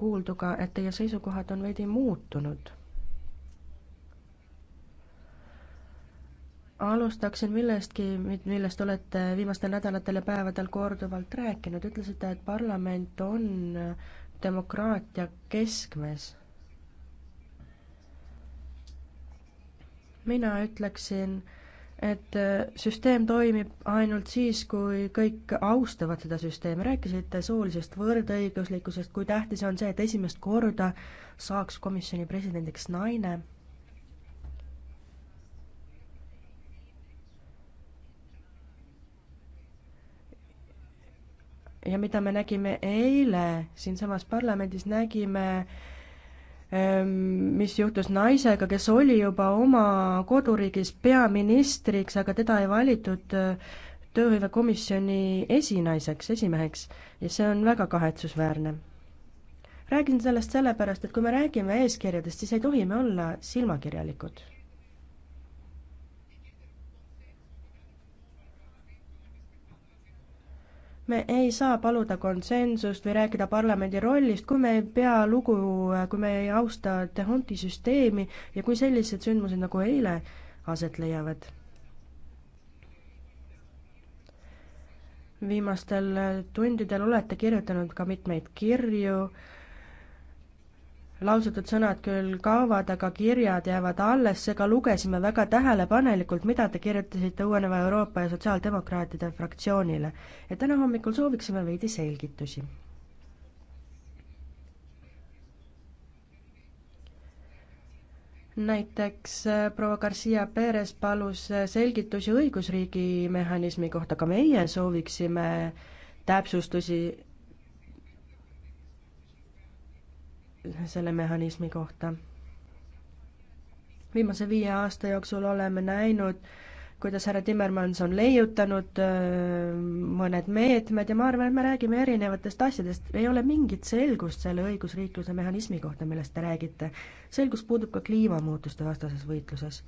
kuuldu ka, et teie seisukohad on veidi muutunud. alustaksin millestki, millest olete viimastel nädalatel ja päevadel korduvalt rääkinud, ütlesite, et parlament on demokraatia keskmes. mina ütleksin et äh, süsteem toimib ainult siis, kui kõik austavad seda süsteemi. rääkisite soolisest võrdõiguslikkusest, kui tähtis on see, et esimest korda saaks komisjoni presidendiks naine. ja mida me nägime eile siinsamas parlamendis, nägime äh, Ehm, mis juhtus naisega, kes oli juba oma koduriigis peaministriks, aga teda ei valitud eh, tööhõivekomisjoni esinaiseks, esimeheks ja see on väga kahetsusväärne. räägin sellest sellepärast, et kui me räägime eeskirjadest, siis ei tohi me olla silmakirjalikud me ei saa paluda konsensust või rääkida parlamendi rollist, kui me ei pea lugu, kui me ei austa Tehonti süsteemi ja kui sellised sündmused nagu eile aset leiavad. viimastel tundidel olete kirjutanud ka mitmeid kirju lausutud sõnad küll kaovad, aga kirjad jäävad alles, seega lugesime väga tähelepanelikult, mida te kirjutasite Uueneva Euroopa ja Sotsiaaldemokraatide fraktsioonile. ja täna hommikul sooviksime veidi selgitusi. näiteks äh, proua Garcia Perez palus äh, selgitusi õigusriigi mehhanismi kohta, ka meie sooviksime täpsustusi selle mehhanismi kohta. viimase viie aasta jooksul oleme näinud, kuidas härra Timmermans on leiutanud äh, mõned meetmed ja ma arvan, et me räägime erinevatest asjadest, ei ole mingit selgust selle õigusriikluse mehhanismi kohta, millest te räägite. selgus puudub ka kliimamuutuste vastases võitluses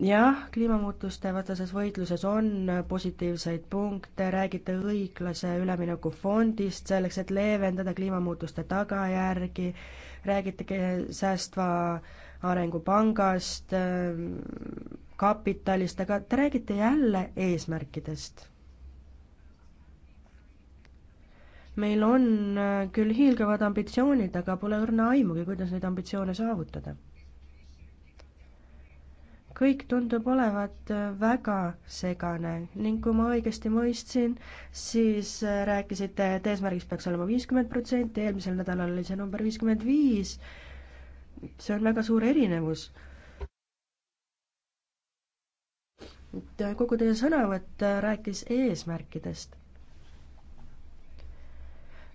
jah, kliimamuutuste vastases võitluses on positiivseid punkte, räägite õiglase ülemineku fondist selleks, et leevendada kliimamuutuste tagajärgi, räägite säästva arengupangast, kapitalist, aga te räägite jälle eesmärkidest. meil on äh, küll hiilgavad ambitsioonid, aga pole õrna aimugi, kuidas neid ambitsioone saavutada kõik tundub olevat äh, väga segane ning kui ma õigesti mõistsin, siis äh, rääkisite, et eesmärgiks peaks olema viiskümmend protsenti, eelmisel nädalal oli see number viiskümmend viis. see on väga suur erinevus. et äh, kogu teie sõnavõtt rääkis eesmärkidest.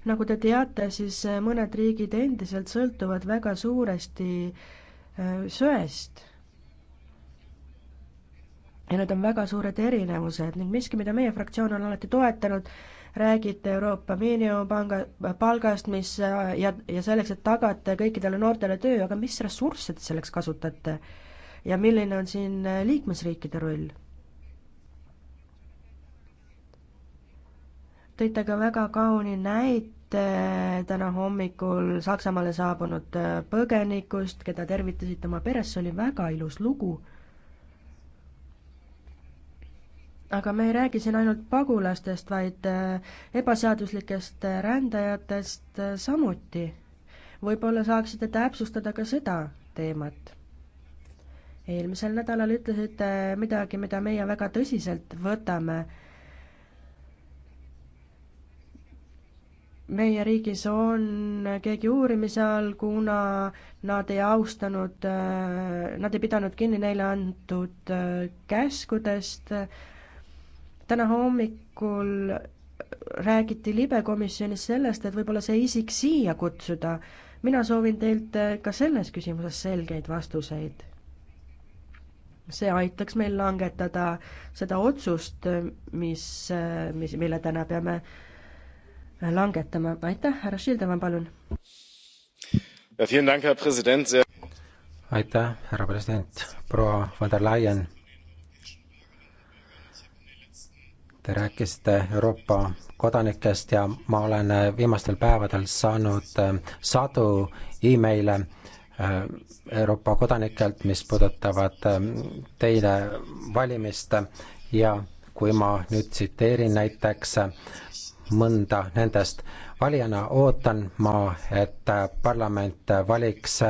nagu te teate, siis mõned riigid endiselt sõltuvad väga suuresti söest ja need on väga suured erinevused ning miski, mida meie fraktsioon on alati toetanud, räägite Euroopa miinimumpanga, äh, palgast, mis äh, ja, ja selleks, et tagate kõikidele noortele töö, aga mis ressursse te selleks kasutate? ja milline on siin äh, liikmesriikide roll? tõite ka väga kauni näite täna hommikul Saksamaale saabunud põgenikust, keda tervitasite oma peres, see oli väga ilus lugu aga me ei räägi siin ainult pagulastest, vaid äh, ebaseaduslikest äh, rändajatest äh, samuti. võib-olla saaksite täpsustada ka seda teemat? eelmisel nädalal ütlesite midagi, mida meie väga tõsiselt võtame. meie riigis on keegi uurimise all, kuna nad ei austanud, nad ei pidanud kinni neile antud käskudest, täna hommikul räägiti libekomisjonis sellest, et võib-olla see isik siia kutsuda. mina soovin teilt äh, ka selles küsimuses selgeid vastuseid. see aitaks meil langetada seda otsust, äh, mis, äh, mis, mille täna peame langetama. aitäh, härra Šildevan, palun. aitäh, härra president, proua von der Leyen Te rääkisite Euroopa kodanikest ja ma olen äh, viimastel päevadel saanud äh, sadu emaile äh, Euroopa kodanikelt, mis puudutavad teile valimist ja kui ma nüüd tsiteerin näiteks mõnda nendest, valijana ootan ma, et parlament valiks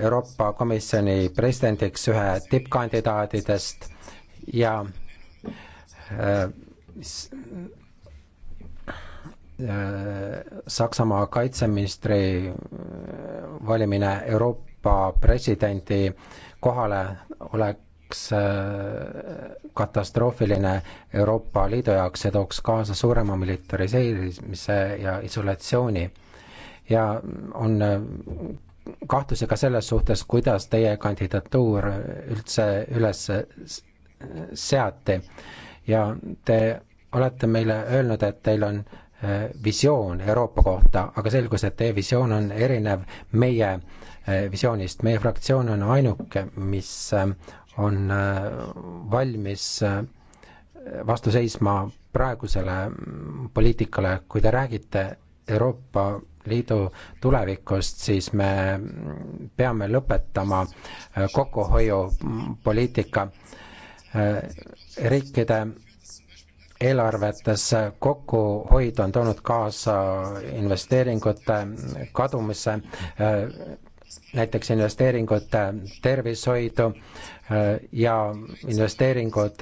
Euroopa Komisjoni presidendiks ühe tippkandidaadidest ja Äh, äh, Saksamaa kaitseministri äh, valimine Euroopa presidendi kohale oleks katastroofiline Euroopa Liidu jaoks, see tooks kaasa suurema militariseerimise ja isolatsiooni. ja on kahtlusi ka selles suhtes, kuidas teie kandidatuur üldse üles seati ja te olete meile öelnud, et teil on äh, visioon Euroopa kohta, aga selgus, et teie visioon on erinev meie äh, visioonist. meie fraktsioon on ainuke, mis äh, on valmis vastu seisma praegusele mm, poliitikale, kui te räägite Euroopa Liidu tulevikust, siis me mm, peame lõpetama kokkuhoiupoliitika äh, Äh, riikide eelarvetes kokkuhoid on toonud kaasa investeeringute kadumise, äh, näiteks investeeringud tervishoidu äh, ja investeeringud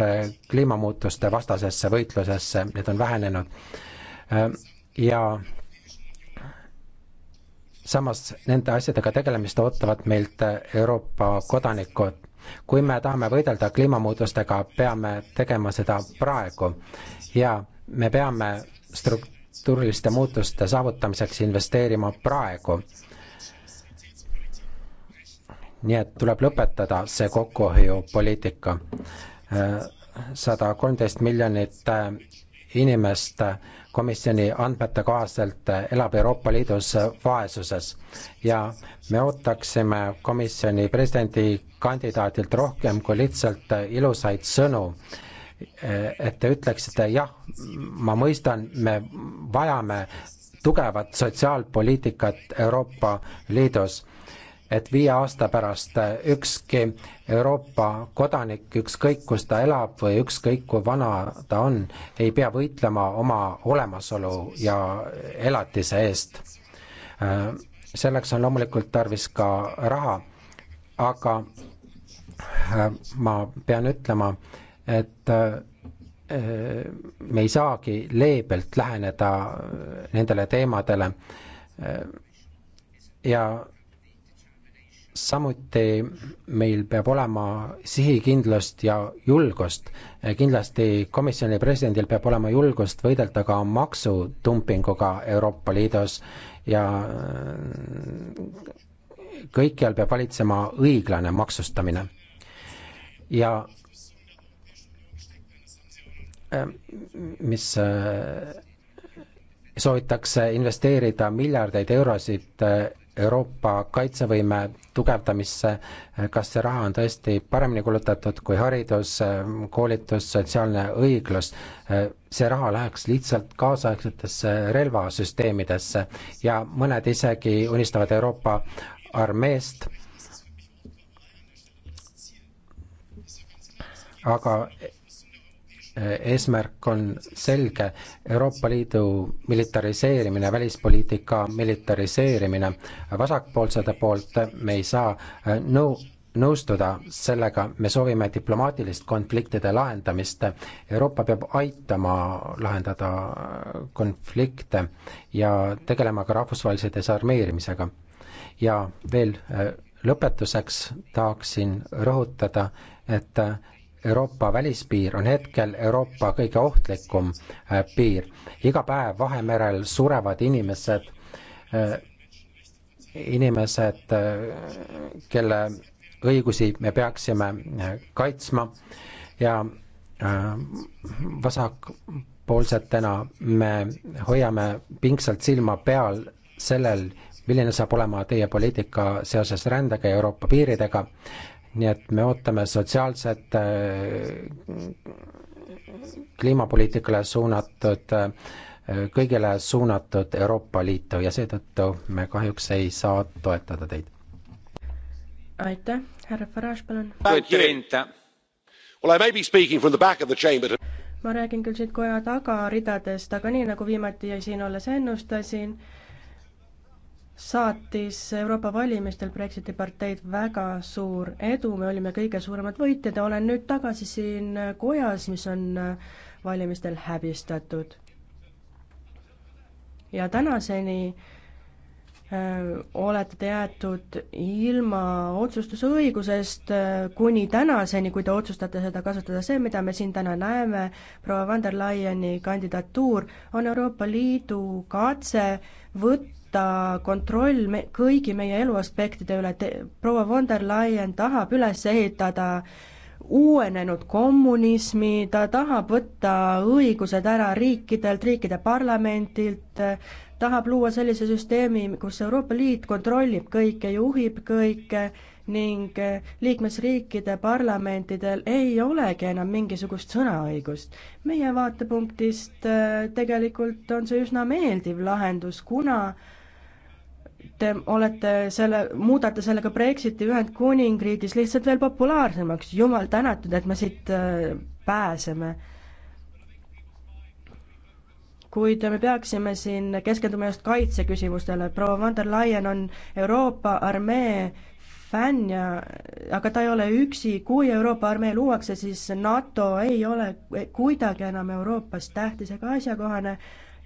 kliimamuutuste vastasesse võitlusesse, need on vähenenud. ja samas nende asjadega tegelemist ootavad meilt Euroopa kodanikud kui me tahame võidelda kliimamuutustega, peame tegema seda praegu ja me peame struktuuriliste muutuste saavutamiseks investeerima praegu nii et tuleb lõpetada see kokkuhoiupoliitika. Äh, sada kolmteist miljonit äh, inimest komisjoni andmete kohaselt elab Euroopa Liidus vaesuses ja me ootaksime komisjoni presidendikandidaadilt rohkem kui lihtsalt ilusaid sõnu et te ütleksite jah, ma mõistan, me vajame tugevat sotsiaalpoliitikat Euroopa Liidus et viie aasta pärast ükski Euroopa kodanik, ükskõik kus ta elab või ükskõik kui vana ta on, ei pea võitlema oma olemasolu ja elatise eest. selleks on loomulikult tarvis ka raha, aga ma pean ütlema, et me ei saagi leebelt läheneda nendele teemadele ja samuti meil peab olema sihikindlust ja julgust. kindlasti komisjoni presidendil peab olema julgust võidelda ka maksutumpinguga Euroopa Liidus ja äh, kõikjal peab valitsema õiglane maksustamine. ja äh, mis äh, soovitakse investeerida miljardeid eurosid Euroopa kaitsevõime tugevdamisse, kas see raha on tõesti paremini kulutatud kui haridus, koolitus, sotsiaalne õiglus, see raha läheks lihtsalt kaasaegsetesse relvasüsteemidesse ja mõned isegi unistavad Euroopa armeest, aga Eh, eesmärk on selge, Euroopa Liidu militariseerimine, välispoliitika militariseerimine. vasakpoolsete poolt me ei saa eh, nõu no,, nõustuda sellega, me soovime diplomaatilist konfliktide lahendamist. Euroopa peab aitama lahendada konflikte ja tegelema ka rahvusvahelise desarmeerimisega. ja veel eh, lõpetuseks tahaksin rõhutada, et Euroopa välispiir on hetkel Euroopa kõige ohtlikum äh, piir. iga päev Vahemerel surevad inimesed, äh, inimesed, äh, kelle õigusi me peaksime kaitsma ja vasakpoolsetena me hoiame pingsalt silma peal sellel, milline saab olema teie poliitika seoses rändega ja Euroopa piiridega nii et me ootame sotsiaalset äh, kliimapoliitikale suunatud, äh, kõigile suunatud Euroopa Liitu ja seetõttu me kahjuks ei saa toetada teid. aitäh, härra Farage, palun. Well, I may be speaking from the back of the chamber ma räägin küll siit koja tagaridadest, aga nii nagu viimati siin olles ennustasin, saatis Euroopa valimistel Brexiti parteid väga suur edu, me olime kõige suuremad võitjad ja olen nüüd tagasi siin kojas, mis on valimistel häbistatud. ja tänaseni äh, olete te jäetud ilma otsustusõigusest äh, kuni tänaseni, kui te otsustate seda kasutada, see, mida me siin täna näeme, proua von der Leyeni kandidatuur on Euroopa Liidu katse võtta võtta kontroll me, kõigi meie eluaspektide üle, proua von der Leyen tahab üles ehitada uuenenud kommunismi, ta tahab võtta õigused ära riikidelt, riikide parlamendilt, tahab luua sellise süsteemi, kus Euroopa Liit kontrollib kõike, juhib kõike ning liikmesriikide parlamentidel ei olegi enam mingisugust sõnaõigust. meie vaatepunktist äh, tegelikult on see üsna meeldiv lahendus, kuna te olete selle, muudate sellega Brexiti Ühendkuningriigis lihtsalt veel populaarsemaks, jumal tänatud, et me siit äh, pääseme. kuid me peaksime siin keskenduma just kaitseküsimustele, proua von der Leyen on Euroopa armee fänn ja aga ta ei ole üksi, kui Euroopa armee luuakse, siis NATO ei ole kuidagi enam Euroopas tähtis ega asjakohane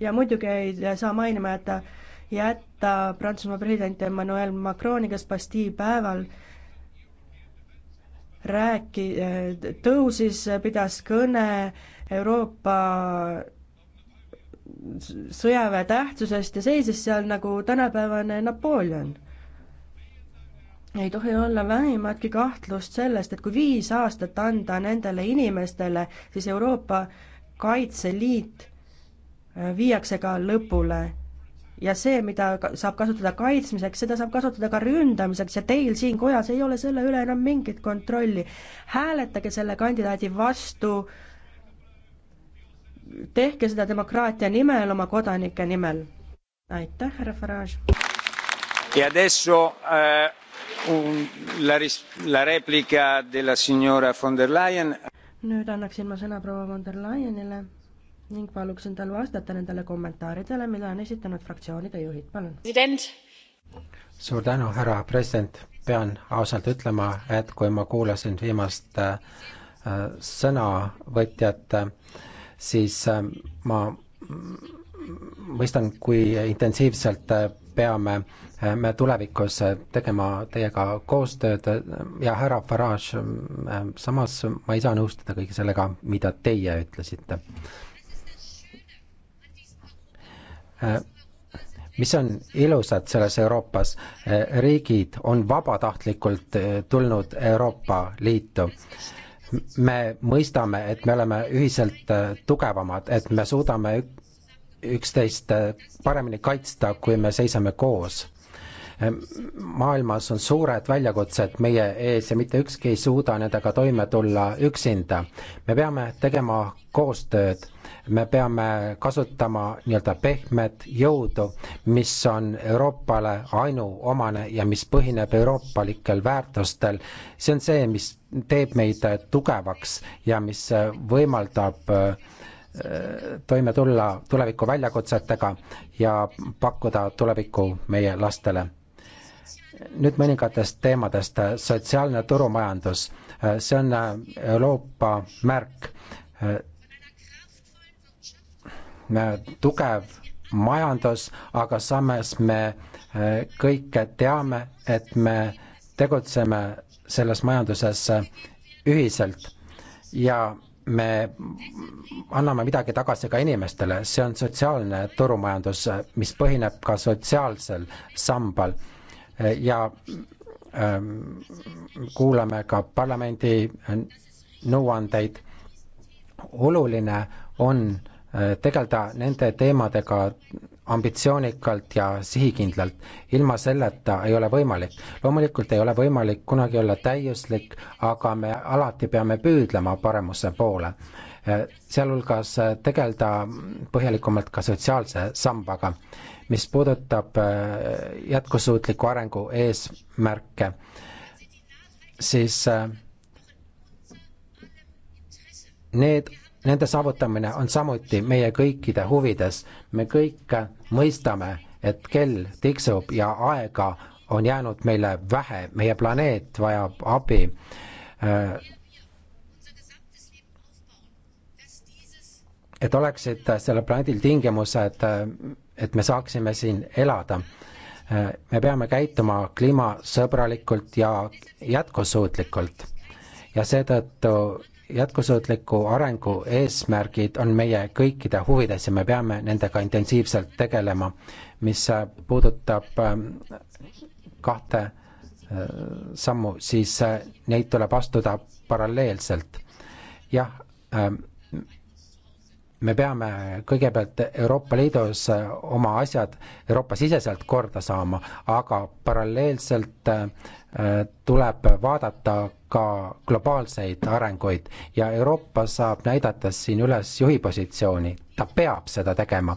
ja muidugi ei saa mainima jätta et jätta Prantsusmaa president Emmanuel Macroni, kes Bastille päeval rääki-, tõusis, pidas kõne Euroopa sõjaväe tähtsusest ja seisis seal nagu tänapäevane Napoleon. ei tohi olla vähimatki kahtlust sellest, et kui viis aastat anda nendele inimestele, siis Euroopa Kaitseliit äh, viiakse ka lõpule ja see, mida saab kasutada kaitsmiseks, seda saab kasutada ka ründamiseks ja teil siin kojas ei ole selle üle enam mingit kontrolli. hääletage selle kandidaadi vastu, tehke seda demokraatia nimel, oma kodanike nimel. aitäh, härra Farage. ja e adesso äh, un, la, la replica della signora von der Leyen. nüüd annaksin ma sõna proua von der Leyenile ning paluksin tal vastata nendele kommentaaridele, mille on esitanud fraktsioonide juhid, palun. suur tänu, härra president, pean ausalt ütlema, et kui ma kuulasin viimast äh, sõnavõtjat äh,, siis äh, ma mm, mõistan, kui intensiivselt äh, peame äh, me tulevikus äh, tegema teiega koostööd ja härra Farage, samas ma ei saa nõustuda kõige sellega, mida teie ütlesite. Äh, mis on ilusad selles Euroopas, äh, riigid on vabatahtlikult äh, tulnud Euroopa Liitu. me mõistame, et me oleme ühiselt tugevamad, et me suudame üksteist paremini kaitsta, kui me seisame koos. Ehm, maailmas on suured väljakutsed meie ees ja mitte ükski ei suuda nendega toime tulla üksinda. me peame tegema koostööd, me peame kasutama nii-öelda pehmet jõudu, mis on Euroopale ainuomane ja mis põhineb euroopalikel väärtustel. see on see, mis teeb meid tugevaks ja mis võimaldab äh, toime tulla tuleviku väljakutsetega ja pakkuda tulevikku meie lastele nüüd mõningatest teemadest, sotsiaalne turumajandus, see on äh, Euroopa märk. Äh, tugev majandus, aga samas me äh, kõik teame, et me tegutseme selles majanduses ühiselt ja me anname midagi tagasi ka inimestele, see on sotsiaalne turumajandus, mis põhineb ka sotsiaalsel sambal ja ähm, kuulame ka parlamendi äh, nõuandeid. oluline on äh, tegeleda nende teemadega ambitsioonikalt ja sihikindlalt. ilma selleta ei ole võimalik. loomulikult ei ole võimalik kunagi olla täiuslik, aga me alati peame püüdlema paremuse poole. Äh, sealhulgas tegeleda põhjalikumalt ka sotsiaalse sambaga mis puudutab äh, jätkusuutliku arengu eesmärke, siis äh, need, nende saavutamine on samuti meie kõikide huvides. me kõik mõistame, et kell tiksub ja aega on jäänud meile vähe, meie planeet vajab abi. Äh, et oleksid sellel planeedil tingimused, et me saaksime siin elada. me peame käituma kliimasõbralikult ja jätkusuutlikult ja seetõttu jätkusuutliku arengu eesmärgid on meie kõikide huvides ja me peame nendega intensiivselt tegelema, mis puudutab ähm, kahte äh, sammu, siis äh, neid tuleb astuda paralleelselt. jah ähm,, me peame kõigepealt Euroopa Liidus oma asjad Euroopa-siseselt korda saama, aga paralleelselt äh, tuleb vaadata ka globaalseid arenguid ja Euroopa saab näidata siin üles juhi positsiooni, ta peab seda tegema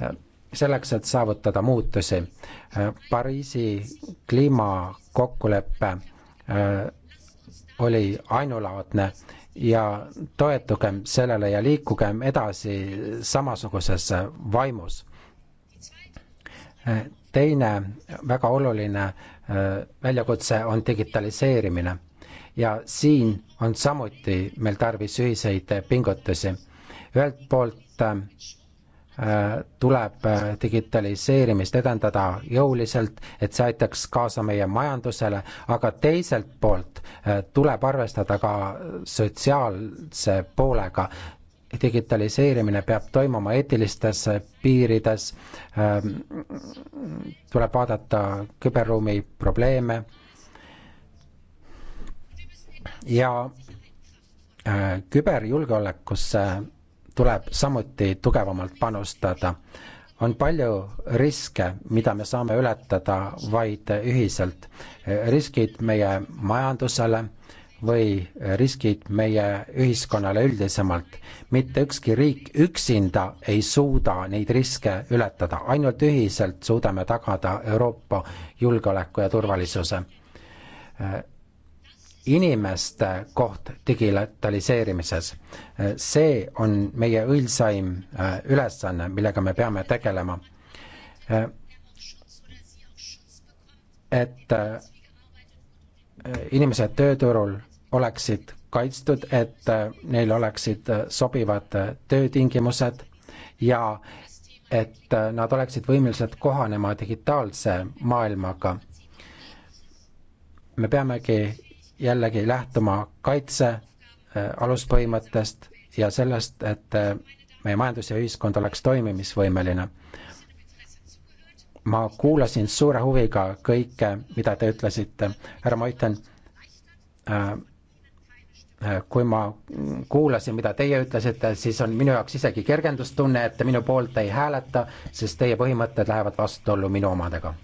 äh, selleks, et saavutada muutusi. Äh, Pariisi kliimakokkulepe oli ainulaadne ja toetugem sellele ja liikugem edasi samasuguses vaimus. teine väga oluline äh, väljakutse on digitaliseerimine ja siin on samuti meil tarvis ühiseid pingutusi. ühelt poolt äh, tuleb äh, digitaliseerimist edendada jõuliselt, et see aitaks kaasa meie majandusele, aga teiselt poolt äh, tuleb arvestada ka sotsiaalse poolega. digitaliseerimine peab toimuma eetilistes piirides, ähm, tuleb vaadata küberruumi probleeme ja äh, küberjulgeolekusse tuleb samuti tugevamalt panustada. on palju riske, mida me saame ületada vaid ühiselt. riskid meie majandusele või riskid meie ühiskonnale üldisemalt. mitte ükski riik üksinda ei suuda neid riske ületada, ainult ühiselt suudame tagada Euroopa julgeoleku ja turvalisuse inimeste koht digitaliseerimises. see on meie õilsaim äh, ülesanne, millega me peame tegelema. Äh, et äh, inimesed tööturul oleksid kaitstud, et neil oleksid sobivad töötingimused ja et nad oleksid võimelised kohanema digitaalse maailmaga. me peamegi jällegi lähtuma kaitse äh, aluspõhimõttest ja sellest, et äh, meie majandus ja ühiskond oleks toimimisvõimeline. ma kuulasin suure huviga kõike, mida te ütlesite, härra Moiten äh,, äh kui ma kuulasin, mida teie ütlesite, siis on minu jaoks isegi kergendustunne, et te minu poolt ei hääleta, sest teie põhimõtted lähevad vastuollu minu omadega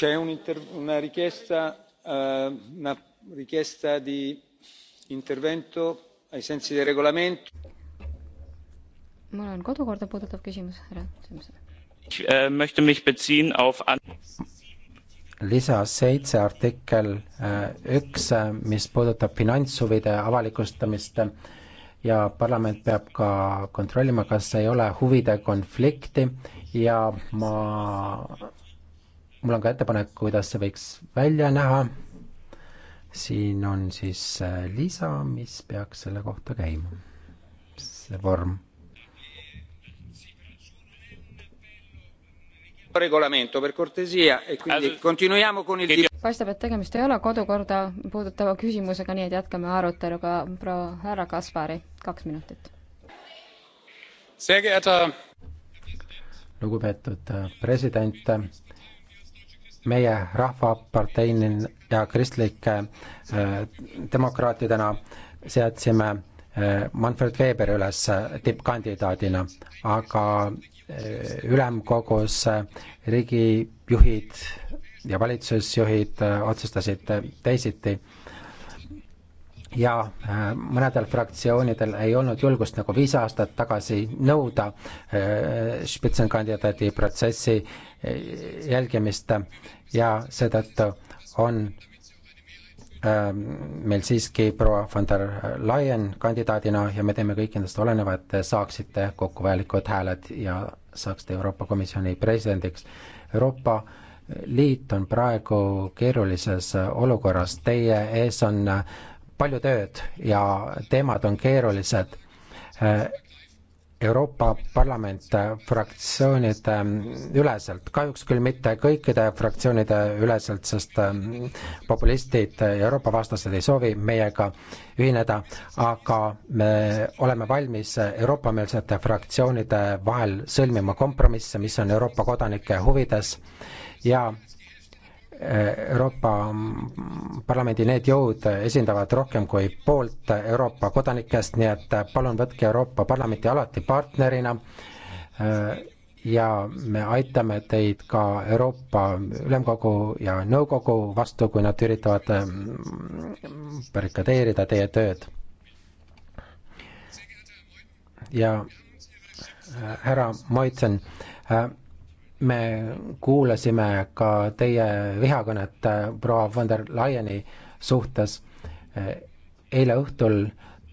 c'è una richiesta eh, una richiesta di intervento ai sensi del regolamento. mul on kodukorda puudutav küsimus, härra Simson. Äh, lisa seitse artikkel äh, üks, äh, mis puudutab finantshuvide avalikustamist ja parlament peab ka kontrollima, kas ei ole huvide konflikti ja ma mul on ka ettepanek, kuidas see võiks välja näha. siin on siis äh, lisa, mis peaks selle kohta käima, see vorm regolamento per cortesia e quindi continuiamo con il paistab, et tegemist ei ole kodukorda puudutava küsimusega, nii et jätkame aruteluga proua härra Kaspari, kaks minutit. lugupeetud äh, president, meie Rahvaparteina ja kristlike äh, demokraatidena seadsime äh, Manfred Weber üles äh, tippkandidaadina, aga ülemkogus riigijuhid ja valitsusjuhid otsustasid teisiti ja mõnedel fraktsioonidel ei olnud julgust nagu viis aastat tagasi nõuda spitsenkandidaadi protsessi jälgimist ja seetõttu on ähm, meil siiski proua von der Leyen kandidaadina ja me teeme kõik endast oleneva, et te saaksite kokku vajalikud hääled ja saaksite Euroopa Komisjoni presidendiks. Euroopa Liit on praegu keerulises olukorras, teie ees on palju tööd ja teemad on keerulised äh, Euroopa Parlament fraktsioonide üleselt, kahjuks küll mitte kõikide fraktsioonide üleselt, sest ähm, populistid ja Euroopa vastased ei soovi meiega ühineda, aga me oleme valmis Euroopa-meelsete fraktsioonide vahel sõlmima kompromisse, mis on Euroopa kodanike huvides ja Euroopa Parlamendi need jõud esindavad rohkem kui poolt Euroopa kodanikest, nii et palun võtke Euroopa Parlamenti alati partnerina ja me aitame teid ka Euroopa Ülemkogu ja Nõukogu vastu, kui nad üritavad mm, barrikadeerida teie tööd. ja äh, härra Moitsen äh,, me kuulasime ka teie vihakõnet proua von der Leyeni suhtes. eile õhtul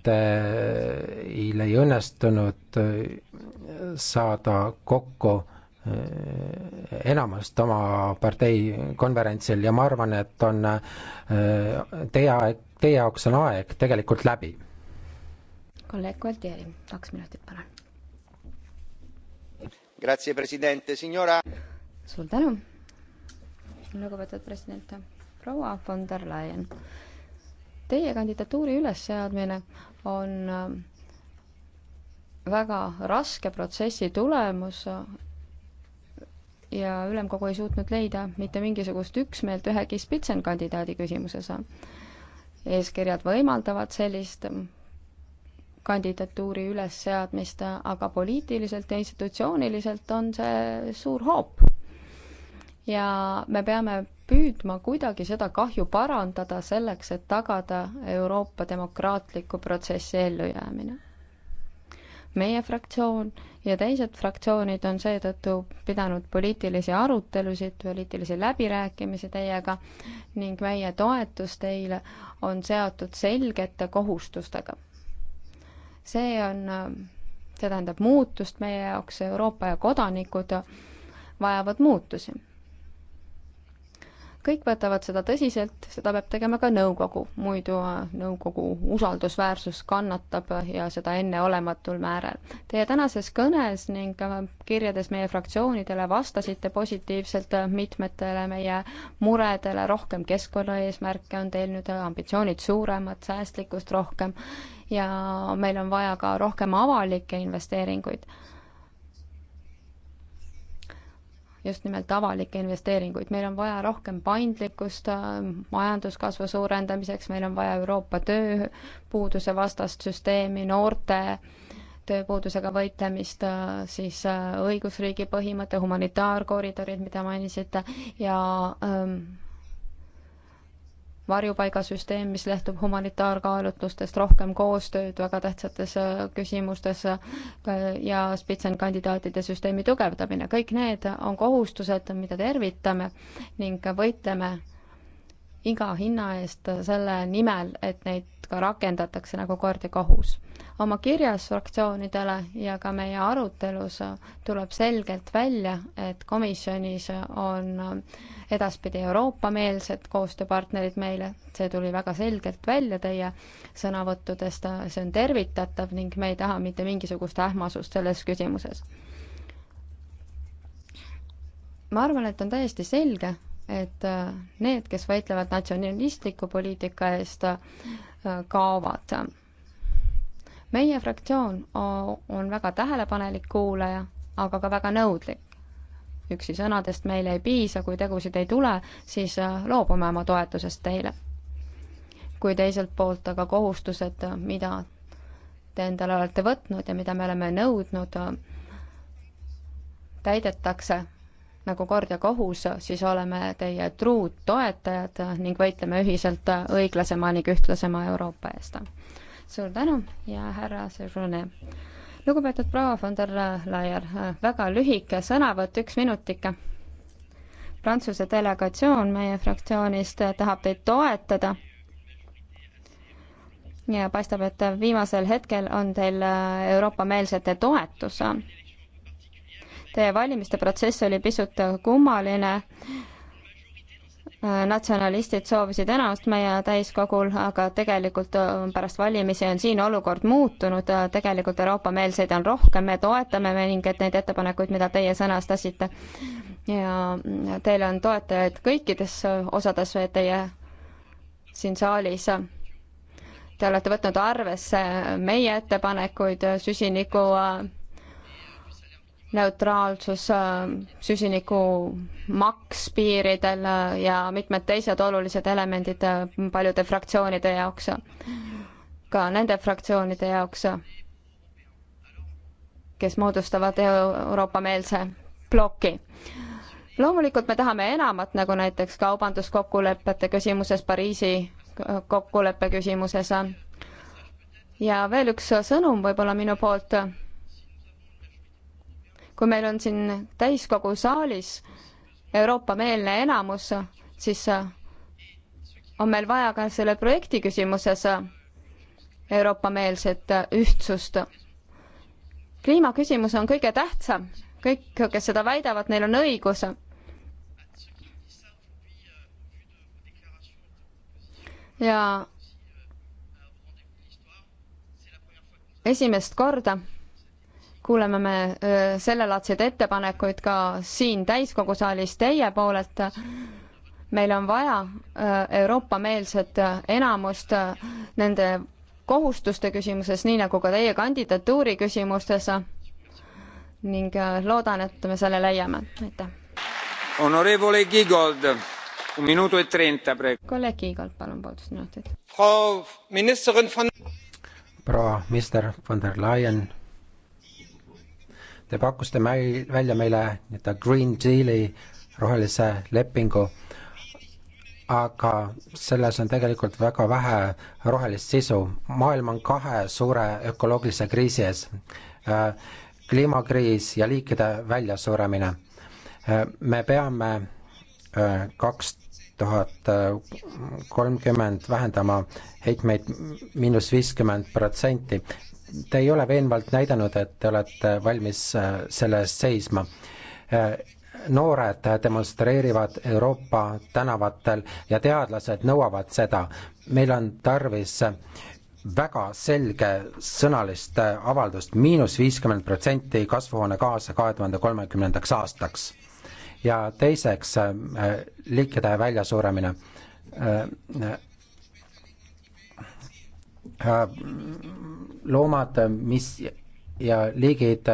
teil ei õnnestunud saada kokku eh, enamust oma partei konverentsil ja ma arvan, et on eh, teie aeg, teie jaoks on aeg tegelikult läbi. kolleeg Gualtieri, kaks minutit, palun Signora... suur tänu, lugupeetud president, proua von der Leyen. Teie kandidatuuri ülesseadmine on äh, väga raske protsessi tulemus äh, ja ülemkogu ei suutnud leida mitte mingisugust üksmeelt ühegi spitsenkandidaadi küsimuses. eeskirjad võimaldavad sellist kandidatuuri ülesseadmist, aga poliitiliselt ja institutsiooniliselt on see suur hoop. ja me peame püüdma kuidagi seda kahju parandada selleks, et tagada Euroopa demokraatliku protsessi ellujäämine. meie fraktsioon ja teised fraktsioonid on seetõttu pidanud poliitilisi arutelusid, poliitilisi läbirääkimisi teiega ning meie toetus teile on seotud selgete kohustustega see on, äh, see tähendab muutust meie jaoks, Euroopa ja kodanikud vajavad muutusi. kõik võtavad seda tõsiselt, seda peab tegema ka nõukogu, muidu äh, nõukogu usaldusväärsus kannatab ja seda enneolematul määral. Teie tänases kõnes ning äh, kirjades meie fraktsioonidele vastasite positiivselt mitmetele meie muredele, rohkem keskkonnaeesmärke on teil nüüd, ambitsioonid suuremad, säästlikkust rohkem ja meil on vaja ka rohkem avalikke investeeringuid. just nimelt avalikke investeeringuid, meil on vaja rohkem paindlikkust äh, majanduskasvu suurendamiseks, meil on vaja Euroopa tööpuuduse vastast süsteemi, noorte tööpuudusega võitlemist, äh, siis äh, õigusriigi põhimõte, humanitaarkoridorid, mida mainisite, ja öö, ähm, varjupaigasüsteem, mis lähtub humanitaarkaalutlustest, rohkem koostööd väga tähtsates äh, küsimustes äh, ja spitsenkandidaatide süsteemi tugevdamine, kõik need on kohustused, mida tervitame ning võitleme iga hinna eest selle nimel, et neid ka rakendatakse nagu kord ja kohus oma kirjas fraktsioonidele ja ka meie arutelus tuleb selgelt välja, et komisjonis on edaspidi Euroopa-meelsed koostööpartnerid meile, see tuli väga selgelt välja teie sõnavõttudest, see on tervitatav ning me ei taha mitte mingisugust ähmasust selles küsimuses. ma arvan, et on täiesti selge, et need, kes võitlevad natsionalistliku poliitika eest, kaovad meie fraktsioon on väga tähelepanelik kuulaja, aga ka väga nõudlik. üksi sõnadest meile ei piisa, kui tegusid ei tule, siis äh, loobume oma toetusest teile. kui teiselt poolt aga kohustused, äh, mida te endale olete võtnud ja mida me oleme nõudnud, äh, täidetakse nagu kord ja kohus, siis oleme teie truud toetajad ning võitleme ühiselt õiglasema ning ühtlasema Euroopa eest suur tänu ja härra Sejourne. lugupeetud proua von der Leyen, väga lühike sõnavõtt, üks minutike. Prantsuse delegatsioon meie fraktsioonist tahab teid toetada ja paistab, et viimasel hetkel on teil Euroopa-meelsete toetus. Teie valimiste protsess oli pisut kummaline natsionalistid soovisid enamust meie täiskogul, aga tegelikult äh, pärast valimisi on siin olukord muutunud, äh, tegelikult Euroopa-meelseid on rohkem, me toetame mõningaid neid ettepanekuid, mida teie sõnastasite. ja teil on toetajaid kõikides äh, osades teie siin saalis. Te olete võtnud arvesse meie ettepanekuid süsiniku neutraalsus, äh, süsinikumaks piiridel äh, ja mitmed teised olulised elemendid äh, paljude fraktsioonide jaoks, ka nende fraktsioonide jaoks, kes moodustavad Euroopa-meelse ploki. loomulikult me tahame enamat, nagu näiteks kaubanduskokkulepete küsimuses, Pariisi kokkuleppe küsimuses. ja veel üks sõnum võib-olla minu poolt kui meil on siin täiskogu saalis Euroopa-meelne enamus, siis äh, on meil vaja ka selle projekti küsimuses äh, Euroopa-meelset äh, ühtsust. kliimaküsimus on kõige tähtsam, kõik, kes seda väidavad, neil on õigus. ja esimest korda kuuleme me sellelaadseid ettepanekuid ka siin täiskogu saalis teie poolelt. meil on vaja Euroopa-meelset enamust nende kohustuste küsimuses, nii nagu ka teie kandidatuuri küsimustes. ning loodan, et me selle leiame, aitäh. Honorevole Kiigold, un minuto e trenta, praegu. kolleeg Kiigold, palun, poolteist minutit. proua minister von der Leyen Te pakkusite meil, välja meile nii-öelda Green Deali rohelise lepingu, aga selles on tegelikult väga vähe rohelist sisu. maailm on kahe suure ökoloogilise kriisi ees. kliimakriis ja liikide väljasuremine. me peame äh, kaks tuhat äh, kolmkümmend vähendama heitmeid miinus viiskümmend protsenti te ei ole veenvalt näidanud, et te olete valmis äh, selle eest seisma. Äh, noored demonstreerivad Euroopa tänavatel ja teadlased nõuavad seda. meil on tarvis väga selge sõnalist äh, avaldust, miinus viiskümmend protsenti kasvuhoonegaase kahe tuhande kolmekümnendaks aastaks. ja teiseks, liikide väljasuremine loomad, mis ja liigid,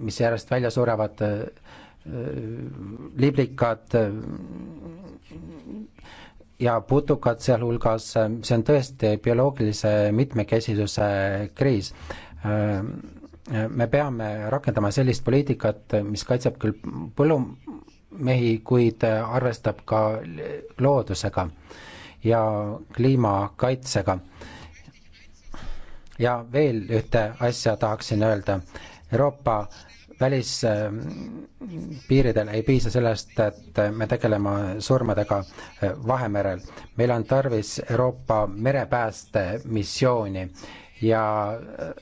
mis järjest välja surevad, liblikad ja putukad sealhulgas, see on tõesti bioloogilise mitmekesisuse kriis. me peame rakendama sellist poliitikat, mis kaitseb küll põllumehi, kuid arvestab ka loodusega ja kliimakaitsega ja veel ühte asja tahaksin öelda. Euroopa välispiiridel ähm, ei piisa sellest, et me tegeleme surmadega äh, Vahemerel. meil on tarvis Euroopa merepäästemissiooni ja äh,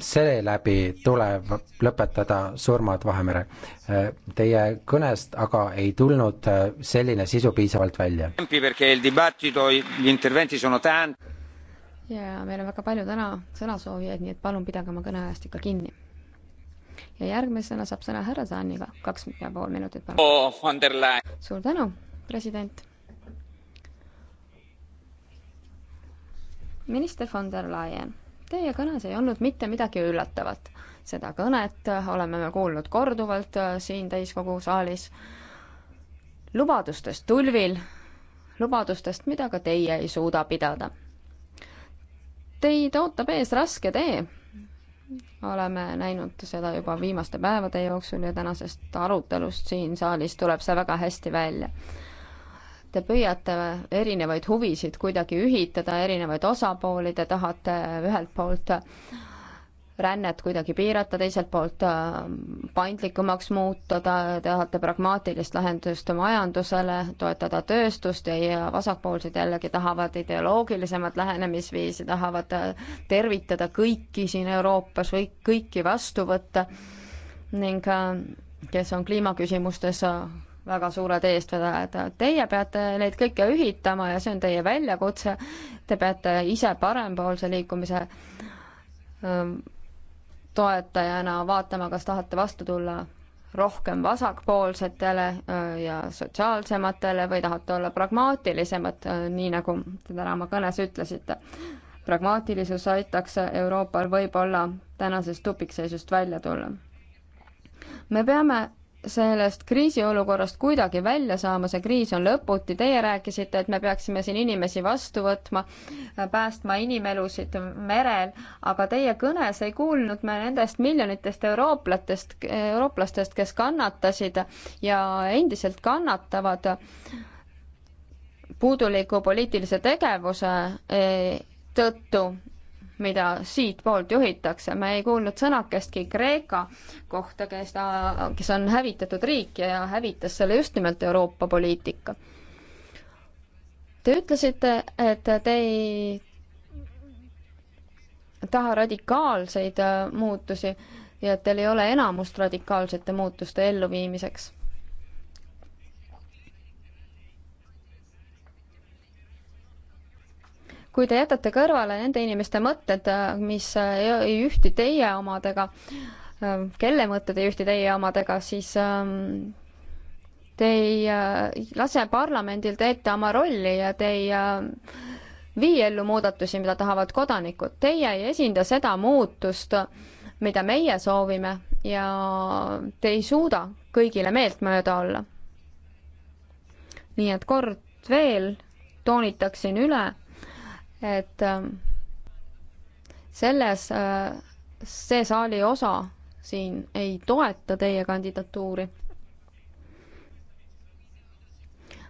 seeläbi tuleb lõpetada surmad Vahemere. Äh, teie kõnest aga ei tulnud selline sisu piisavalt välja ja meil on väga palju täna sõnasoovijaid, nii et palun pidage oma kõneajast ikka kinni. ja järgmisena saab sõna härra Zanniga, kaks ja pool minutit palun oh,. suur tänu, president. minister von der Leyen, teie kõnes ei olnud mitte midagi üllatavat. seda kõnet oleme me kuulnud korduvalt äh, siin täiskogu saalis. lubadustest tulvil, lubadustest, mida ka teie ei suuda pidada Teid ootab ees raske tee. oleme näinud seda juba viimaste päevade jooksul ja tänasest arutelust siin saalis tuleb see väga hästi välja. Te püüate erinevaid huvisid kuidagi ühitada, erinevaid osapooli, te tahate ühelt poolt äh, rännet kuidagi piirata, teiselt poolt äh, paindlikumaks muuta, tahate pragmaatilist lahendust majandusele, toetada tööstust ja vasakpoolsed jällegi tahavad ideoloogilisemat lähenemisviisi, tahavad äh, tervitada kõiki siin Euroopas või kõiki vastu võtta ning äh, kes on kliimaküsimustes väga suured eestvedajad. Teie peate neid kõike ühitama ja see on teie väljakutse. Te peate ise parempoolse liikumise ähm, toetajana vaatama, kas tahate vastu tulla rohkem vasakpoolsetele ja sotsiaalsematele või tahate olla pragmaatilisemad, nii nagu te täna oma kõnes ütlesite. pragmaatilisus aitaks Euroopal võib-olla tänasest tupikseisust välja tulla. me peame sellest kriisiolukorrast kuidagi välja saama, see kriis on lõputi, teie rääkisite, et me peaksime siin inimesi vastu võtma, päästma inimelusid merel, aga teie kõnes ei kuulnud me nendest miljonitest eurooplatest, eurooplastest, kes kannatasid ja endiselt kannatavad puuduliku poliitilise tegevuse eh, tõttu mida siitpoolt juhitakse, me ei kuulnud sõnakestki Kreeka kohta, kes ta, kes on hävitatud riik ja hävitas selle just nimelt Euroopa poliitika. Te ütlesite, et te ei taha radikaalseid äh, muutusi ja et teil ei ole enamust radikaalsete muutuste elluviimiseks kui te jätate kõrvale nende inimeste mõtted, mis ei ühti teie omadega, kelle mõtted ei ühti teie omadega, siis ähm, te ei äh, lase parlamendil täita oma rolli ja te ei äh, vii ellu muudatusi, mida tahavad kodanikud. Teie ei esinda seda muutust, mida meie soovime ja te ei suuda kõigile meeltmööda olla. nii et kord veel toonitaksin üle et ähm, selles, äh, see saali osa siin ei toeta teie kandidatuuri.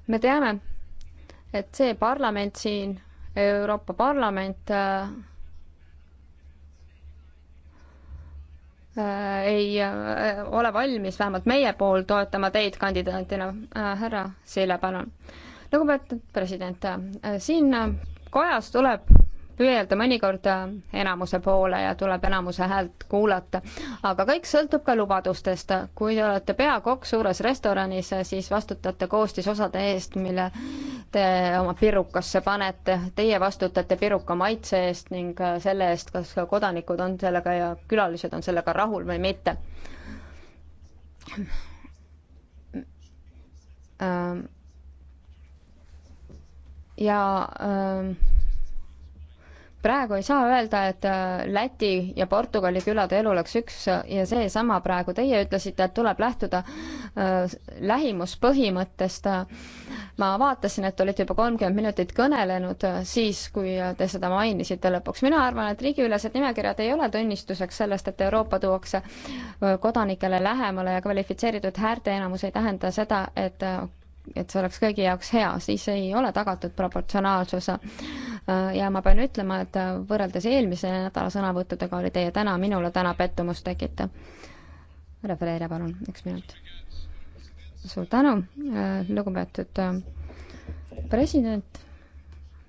me teame, et see parlament siin, Euroopa Parlament äh, äh, ei äh, ole valmis vähemalt meie pool toetama teid kandidaadina äh,. härra Sille, palun. lugupeetud president äh,, siin äh, kojas tuleb püüelda mõnikord enamuse poole ja tuleb enamuse häält kuulata. aga kõik sõltub ka lubadustest. kui te olete peakokk suures restoranis, siis vastutate koostisosade eest, mille te oma pirukasse panete. Teie vastutate piruka maitse eest ning selle eest, kas kodanikud on sellega ja külalised on sellega rahul või mitte ähm ja ähm, praegu ei saa öelda, et äh, Läti ja Portugali külade elu oleks üks äh, ja seesama praegu. Teie ütlesite, et tuleb lähtuda äh, lähimuspõhimõttest. ma vaatasin, et olite juba kolmkümmend minutit kõnelenud siis, kui te seda mainisite lõpuks. mina arvan, et riigiülesed nimekirjad ei ole tunnistuseks sellest, et Euroopa tuuakse kodanikele lähemale ja kvalifitseeritud häälteenamus ei tähenda seda, et et see oleks kõigi jaoks hea, siis ei ole tagatud proportsionaalsus. Äh, ja ma pean ütlema, et võrreldes eelmise nädala sõnavõttudega oli teie täna minule täna pettumust tekitav. refereeri palun, üks minut. suur tänu, äh, lugupeetud äh, president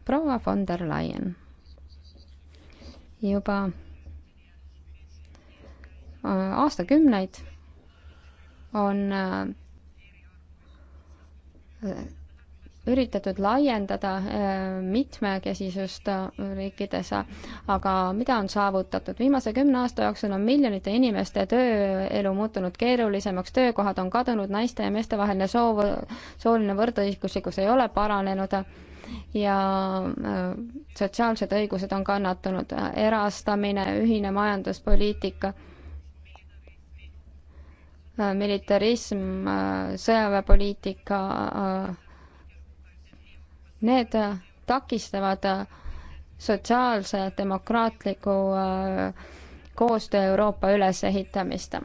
proua von der Leyen juba aastakümneid on Äh, üritatud laiendada äh, mitmekesisust äh, riikides, aga mida on saavutatud? viimase kümne aasta jooksul on miljonite inimeste tööelu muutunud keerulisemaks, töökohad on kadunud, naiste ja meeste vaheline soov, sooline võrdõiguslikkus ei ole paranenud ja sotsiaalsed õigused on kannatanud, erastamine, ühine majanduspoliitika Äh, militarism, äh, sõjaväepoliitika, äh, need takistavad sotsiaalse demokraatliku koostöö Euroopa ülesehitamist.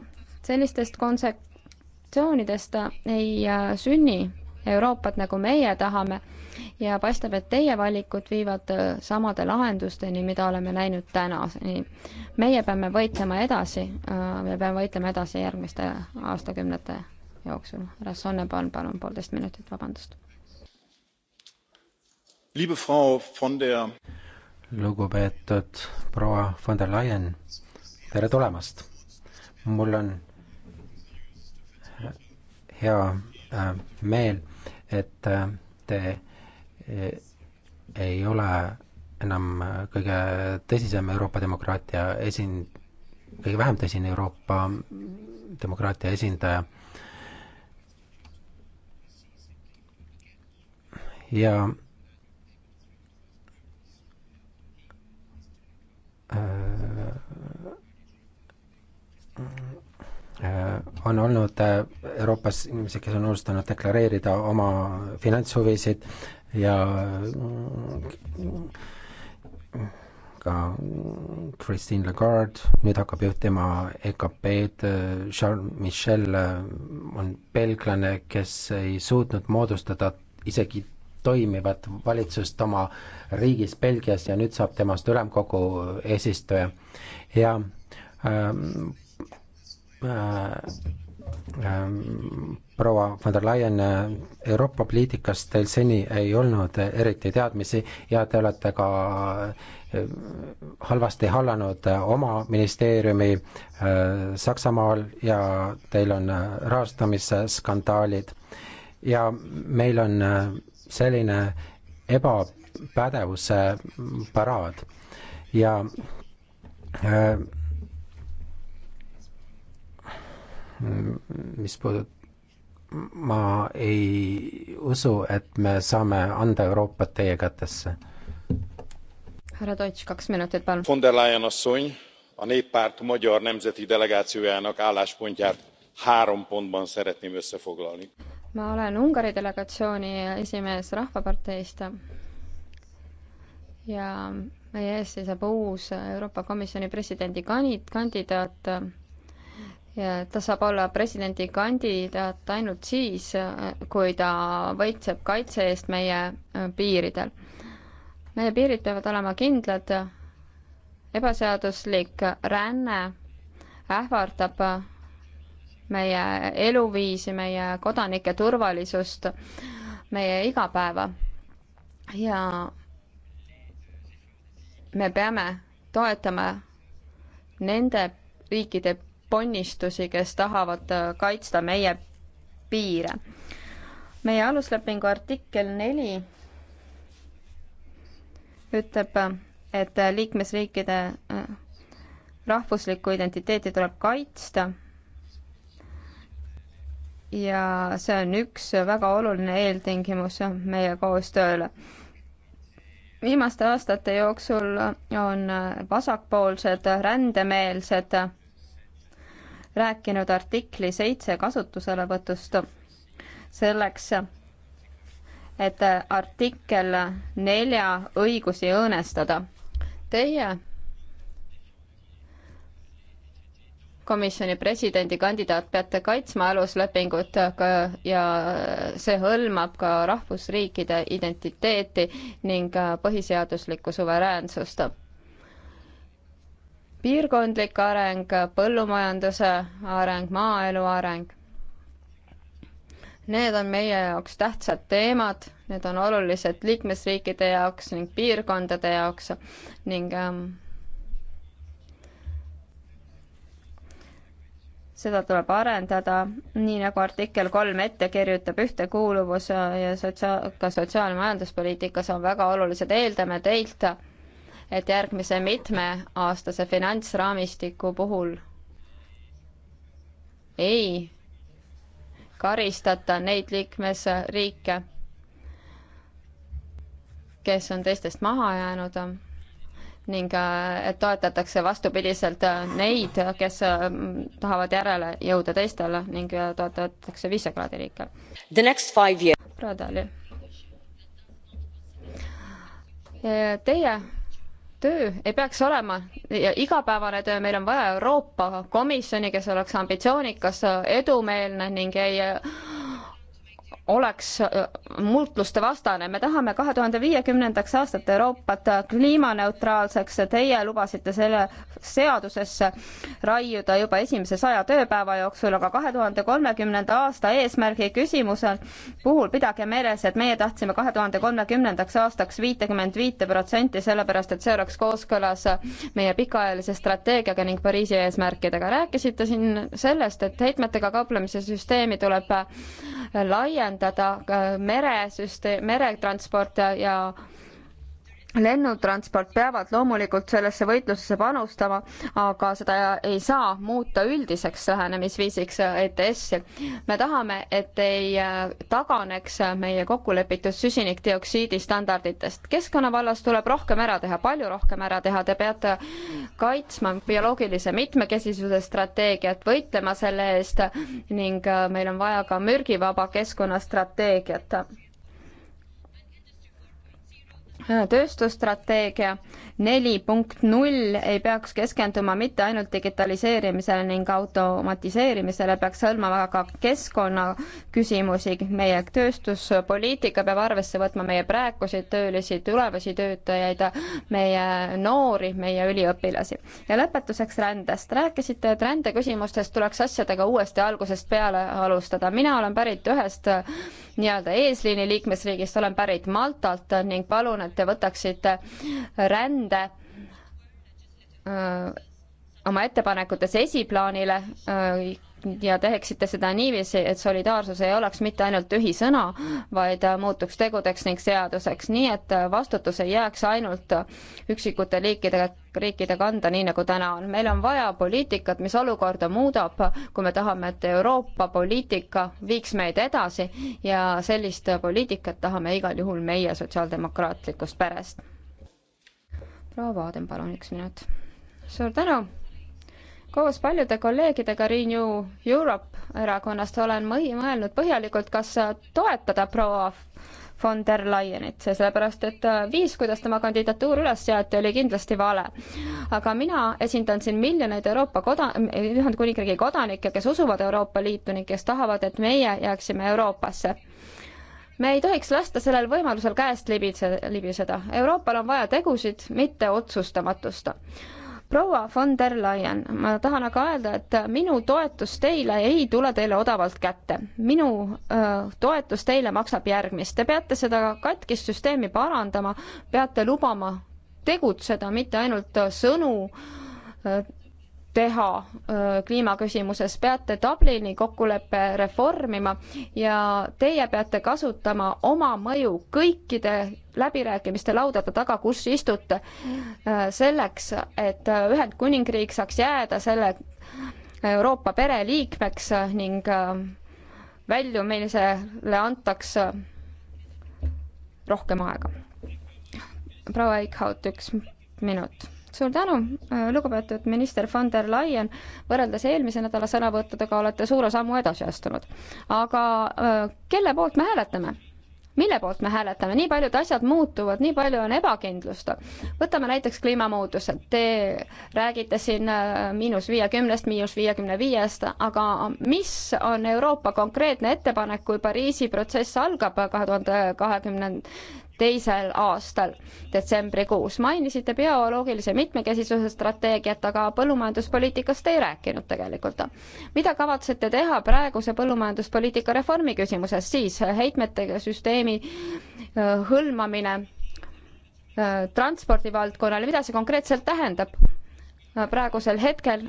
sellistest kontseptsioonidest ei sünni Euroopat, nagu meie tahame ja paistab, et teie valikud viivad äh, samade lahendusteni, mida oleme näinud tänaseni. meie peame võitlema edasi, äh, me peame võitlema edasi järgmiste aastakümnete jooksul. härra Sonneborn, palun, poolteist minutit, vabandust. lugupeetud proua von der Leyen, tere tulemast! mul on hea äh, meel et äh, te äh, ei ole enam kõige tõsisem Euroopa demokraatia esin-, kõige vähem tõsine Euroopa demokraatia esindaja. ja äh, Äh, on olnud äh, Euroopas inimesi, kes on unustanud deklareerida oma finantshuvisid ja mm, ka Christine Lagarde, nüüd hakkab juhtima EKP-d, äh, Charles Michel on belglane, kes ei suutnud moodustada isegi toimivat valitsust oma riigis Belgias ja nüüd saab temast ülemkogu eesistuja. ja ähm, Äh, äh, proua von der Leyen, äh, Euroopa poliitikast teil seni ei olnud eriti teadmisi ja te olete ka halvasti hallanud oma ministeeriumi Saksamaal ja teil on rahastamisskandaalid. ja meil on selline ebapädevuse paraad ja mis puudutab ma ei usu, et me saame anda Euroopat teie kätesse. härra Deutsch, kaks minutit, palun. von der Leyen asszony, a néppárt magyar nemzeti delegációjának álláspontját három pontban szeretném összefoglalni. ma olen Ungari delegatsiooni esimees Rahvaparteist ja meie ees seisab uus Euroopa Komisjoni presidendi kandidaat ja ta saab olla presidendikandidaat ainult siis, kui ta võitseb kaitse eest meie äh, piiridel. meie piirid peavad olema kindlad, ebaseaduslik ränne ähvardab meie eluviisi, meie kodanike turvalisust, meie igapäeva. ja me peame toetama nende riikide ponnistusi, kes tahavad äh, kaitsta meie piire. meie aluslepingu artikkel neli ütleb, et liikmesriikide äh, rahvuslikku identiteeti tuleb kaitsta ja see on üks väga oluline eeltingimus meie koostööle. viimaste aastate jooksul on vasakpoolsed rändemeelsed rääkinud artikli seitse kasutuselevõtust selleks, et artikkel nelja õigusi õõnestada. Teie komisjoni presidendikandidaat peate kaitsma aluslepingut ka ja see hõlmab ka rahvusriikide identiteeti ning põhiseaduslikku suveräänsust piirkondlik areng, põllumajanduse areng, maaelu areng. Need on meie jaoks tähtsad teemad, need on olulised liikmesriikide jaoks ning piirkondade jaoks ning ähm, seda tuleb arendada, nii nagu artikkel kolm ette kirjutab, ühtekuuluvus ja sotsiaal, ka sotsiaal- ja majanduspoliitikas on väga olulised eeldame teilt et järgmise mitmeaastase finantsraamistiku puhul ei karistata neid liikmesriike, kes on teistest maha jäänud ning äh, et toetatakse vastupidiselt äh, neid, kes äh, tahavad järele jõuda teistele ning toetatakse Visegradi riike. Radali. Teie töö ei peaks olema igapäevane töö, meil on vaja Euroopa Komisjoni, kes oleks ambitsioonikas, edumeelne ning ei oleks äh, muutluste vastane. me tahame kahe tuhande viiekümnendaks aastat Euroopat kliimaneutraalseks. Teie lubasite selle seadusesse raiuda juba esimese saja tööpäeva jooksul, aga kahe tuhande kolmekümnenda aasta eesmärgi küsimuse puhul pidage meeles, et meie tahtsime kahe tuhande kolmekümnendaks aastaks viitekümmet viite protsenti, sellepärast et see oleks kooskõlas meie pikaajalise strateegiaga ning Pariisi eesmärkidega. rääkisite siin sellest, et heitmetega kauplemise süsteemi tuleb laiendada suurendada äh, meresüste-, meretransport ja lennutransport peavad loomulikult sellesse võitlusesse panustama, aga seda ei saa muuta üldiseks lähenemisviisiks ETS-i. me tahame, et ei äh, taganeks meie kokkulepitud süsinikdioksiidi standarditest. keskkonna vallas tuleb rohkem ära teha, palju rohkem ära teha, te peate kaitsma bioloogilise mitmekesisuse strateegiat, võitlema selle eest ning äh, meil on vaja ka mürgivaba keskkonnastrateegiat tööstusstrateegia neli punkt null ei peaks keskenduma mitte ainult digitaliseerimisele ning automatiseerimisele, peaks hõlmama ka keskkonnaküsimusi. meie tööstuspoliitika peab arvesse võtma meie praeguseid töölisi, tulevasi töötajaid, meie noori, meie üliõpilasi. ja lõpetuseks rändest. rääkisite, et rändeküsimustest tuleks asjadega uuesti algusest peale alustada. mina olen pärit ühest nii-öelda eesliini liikmesriigist, olen pärit Maltalt ning palun, et te võtaksite rände äh, oma ettepanekutes esiplaanile äh, ja teeksite seda niiviisi, et solidaarsus ei oleks mitte ainult tühi sõna, vaid muutuks tegudeks ning seaduseks, nii et vastutus ei jääks ainult üksikute liikide, riikide kanda, nii nagu täna on. meil on vaja poliitikat, mis olukorda muudab, kui me tahame, et Euroopa poliitika viiks meid edasi ja sellist poliitikat tahame igal juhul meie sotsiaaldemokraatlikust perest. proua Vaaden, palun üks minut. suur tänu koos paljude kolleegidega Renew Europe erakonnast olen ma mõelnud põhjalikult, kas toetada proua von der Leyenit, sellepärast et äh, viis, kuidas tema kandidatuur üles seati, oli kindlasti vale. aga mina esindan siin miljoneid Euroopa koda-, Ühendkuningriigi kodanikke, kes usuvad Euroopa Liitu ning kes tahavad, et meie jääksime Euroopasse me ei tohiks lasta sellel võimalusel käest libise, libiseda. Euroopal on vaja tegusid, mitte otsustamatust proua von der Leyen, ma tahan aga öelda, et minu toetus teile ei tule teile odavalt kätte. minu öö, toetus teile maksab järgmist. Te peate seda katkist süsteemi parandama, peate lubama tegutseda, mitte ainult sõnu öö, teha kliimaküsimuses, peate Dublini kokkuleppe reformima ja teie peate kasutama oma mõju kõikide läbirääkimiste laudade taga, kus istute, selleks, et Ühendkuningriik saaks jääda selle Euroopa pere liikmeks ning väljumisele antaks rohkem aega. proua Eichhaut, üks minut suur tänu, äh, lugupeetud minister von der Leyen, võrreldes eelmise nädala sõnavõttudega olete suure sammu edasi astunud. aga äh, kelle poolt me hääletame? mille poolt me hääletame, nii paljud asjad muutuvad, nii palju on ebakindlust. võtame näiteks kliimamuutused, te räägite siin äh, miinus viiekümnest, miinus viiekümne viiest, aga mis on Euroopa konkreetne ettepanek, kui Pariisi protsess algab kahe tuhande kahekümnenda teisel aastal detsembrikuus. mainisite bioloogilise mitmekesisuse strateegiat, aga põllumajanduspoliitikast ei rääkinud tegelikult. mida kavatsete teha praeguse põllumajanduspoliitika reformi küsimuses siis, heitmetega süsteemi äh, hõlmamine äh, transpordivaldkonnale, mida see konkreetselt tähendab? Äh, praegusel hetkel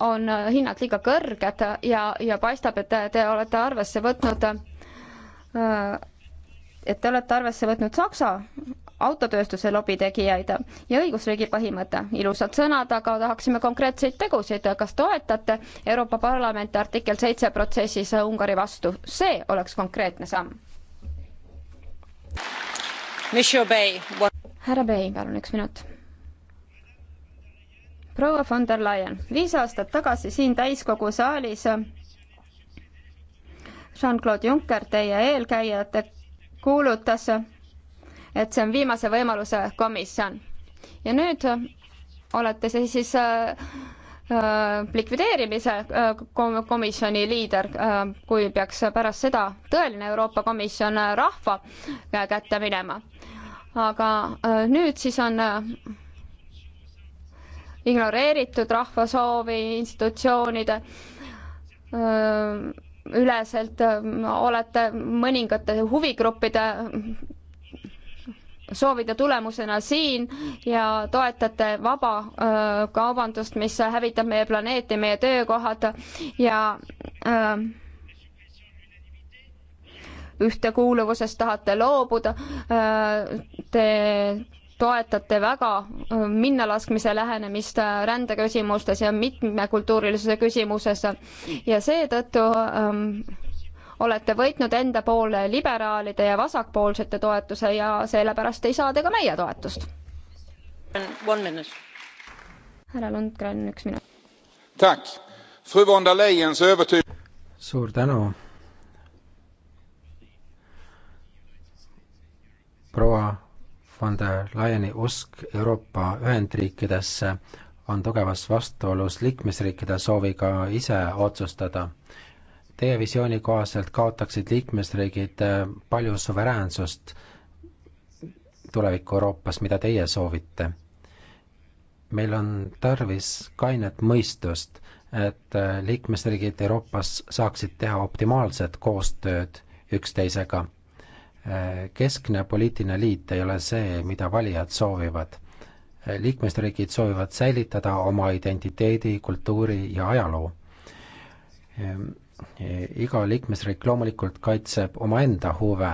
on hinnad liiga kõrged ja, ja paistab, et te olete arvesse võtnud et te olete arvesse võtnud Saksa autotööstuse lobitegijaid ja õigusriigi põhimõte. ilusad sõnad, aga tahaksime konkreetseid tegusid. kas toetate Euroopa Parlamenti artikkel seitse protsessis Ungari vastu? see oleks konkreetne samm. härra Bey, palun üks minut. proua von der Leyen, viis aastat tagasi siin täiskogu saalis Jean-Claude Juncker, teie eelkäijate kuulutas, et see on viimase võimaluse komisjon. ja nüüd olete siis, siis äh, äh likvideerimise äh, komisjoni liider, äh, kui peaks pärast seda tõeline Euroopa Komisjon rahva kätte minema. aga nüüd siis on ignoreeritud rahva soovi institutsioonide üleselt äh, olete mõningate huvigruppide soovide tulemusena siin ja toetate vaba öö, äh, kaubandust, mis hävitab meie planeeti, meie töökohad ja öö, äh, ühtekuuluvusest tahate loobuda. Te toetate väga äh, minnalaskmise lähenemist äh, rändeküsimustes ja mitmekultuurilisuse küsimuses ja seetõttu ähm, olete võitnud enda poole liberaalide ja vasakpoolsete toetuse ja sellepärast ei saa te ka meie toetust. härra Lundgren, üks minut. suur tänu. proua von der Leyeni usk Euroopa Ühendriikidesse on tugevas vastuolus liikmesriikide sooviga ise otsustada. Teie visiooni kohaselt kaotaksid liikmesriigid eh, palju suveräänsust tuleviku Euroopas, mida teie soovite. meil on tarvis kainet mõistust, et eh, liikmesriigid Euroopas saaksid teha optimaalset koostööd üksteisega keskne poliitiline liit ei ole see, mida valijad soovivad. liikmesriigid soovivad säilitada oma identiteedi, kultuuri ja ajaloo. iga liikmesriik loomulikult kaitseb omaenda huve.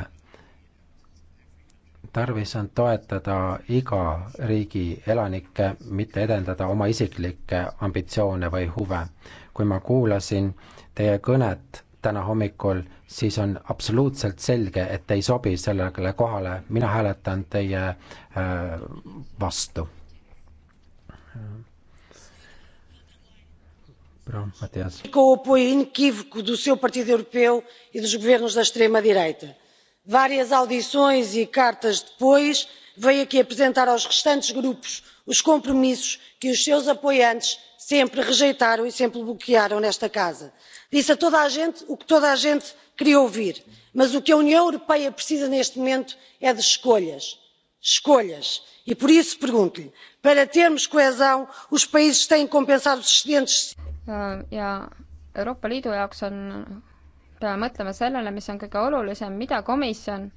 tarvis on toetada iga riigi elanikke, mitte edendada oma isiklikke ambitsioone või huve. kui ma kuulasin teie kõnet täna hommikul, siis on absoluutselt selge, et te ei sobi sellele kohale, mina hääletan teie äh, vastu. Matias. com o apoio inequívoco do seu partido europeu e dos governos da extrema direita várias audições e cartas depois veio aqui apresentar aos restantes grupos os compromissos que os seus apoiantes sempre rejeitaram e sempre bloquearam nesta casa. disse a toda a gente o que toda a gente queria ouvir mas o que a união europeia precisa neste momento é de escolhas escolhas e por isso pergunto lhe para termos coesão os países têm que compensar os excedentes. ja euroopa liidu jaoks on peame mõtlema sellele, mis on kõige olulisem, mida komisjon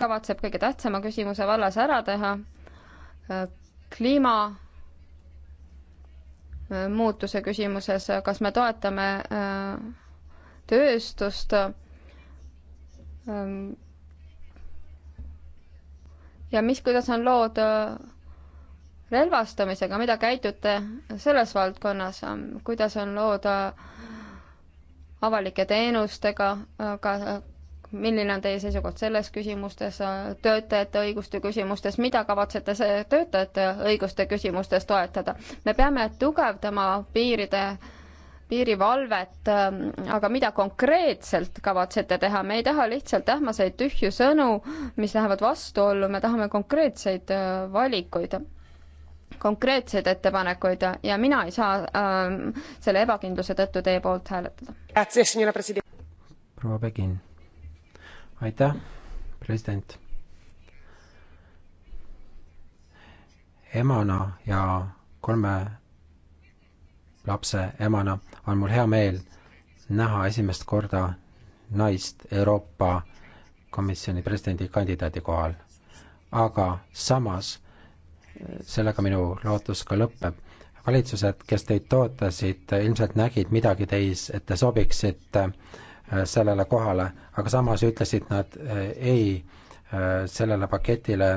kavatseb kõige tähtsama küsimuse vallas ära teha, kliima muutuse küsimuses, kas me toetame äh, tööstust ähm, ja mis, kuidas on lood relvastamisega, mida käitute selles valdkonnas, kuidas on lood äh, avalike teenustega, aga milline on teie seisukoht selles küsimustes, töötajate õiguste küsimustes, mida kavatsete töötajate õiguste küsimustes toetada? me peame tugevdama piiride piirivalvet, aga mida konkreetselt kavatsete teha, me ei taha lihtsalt ähmaseid tühju sõnu, mis lähevad vastuollu, me tahame konkreetseid valikuid konkreetseid ettepanekuid ja mina ei saa äh, selle ebakindluse tõttu teie poolt hääletada. proua Pekin, aitäh, president. emana ja kolme lapse emana on mul hea meel näha esimest korda naist Euroopa Komisjoni presidendi kandidaadi kohal. aga samas sellega minu lootus ka lõpeb. valitsused, kes teid toetasid, ilmselt nägid midagi teis, et te sobiksite äh, sellele kohale, aga samas ütlesid nad äh, ei äh, sellele paketile,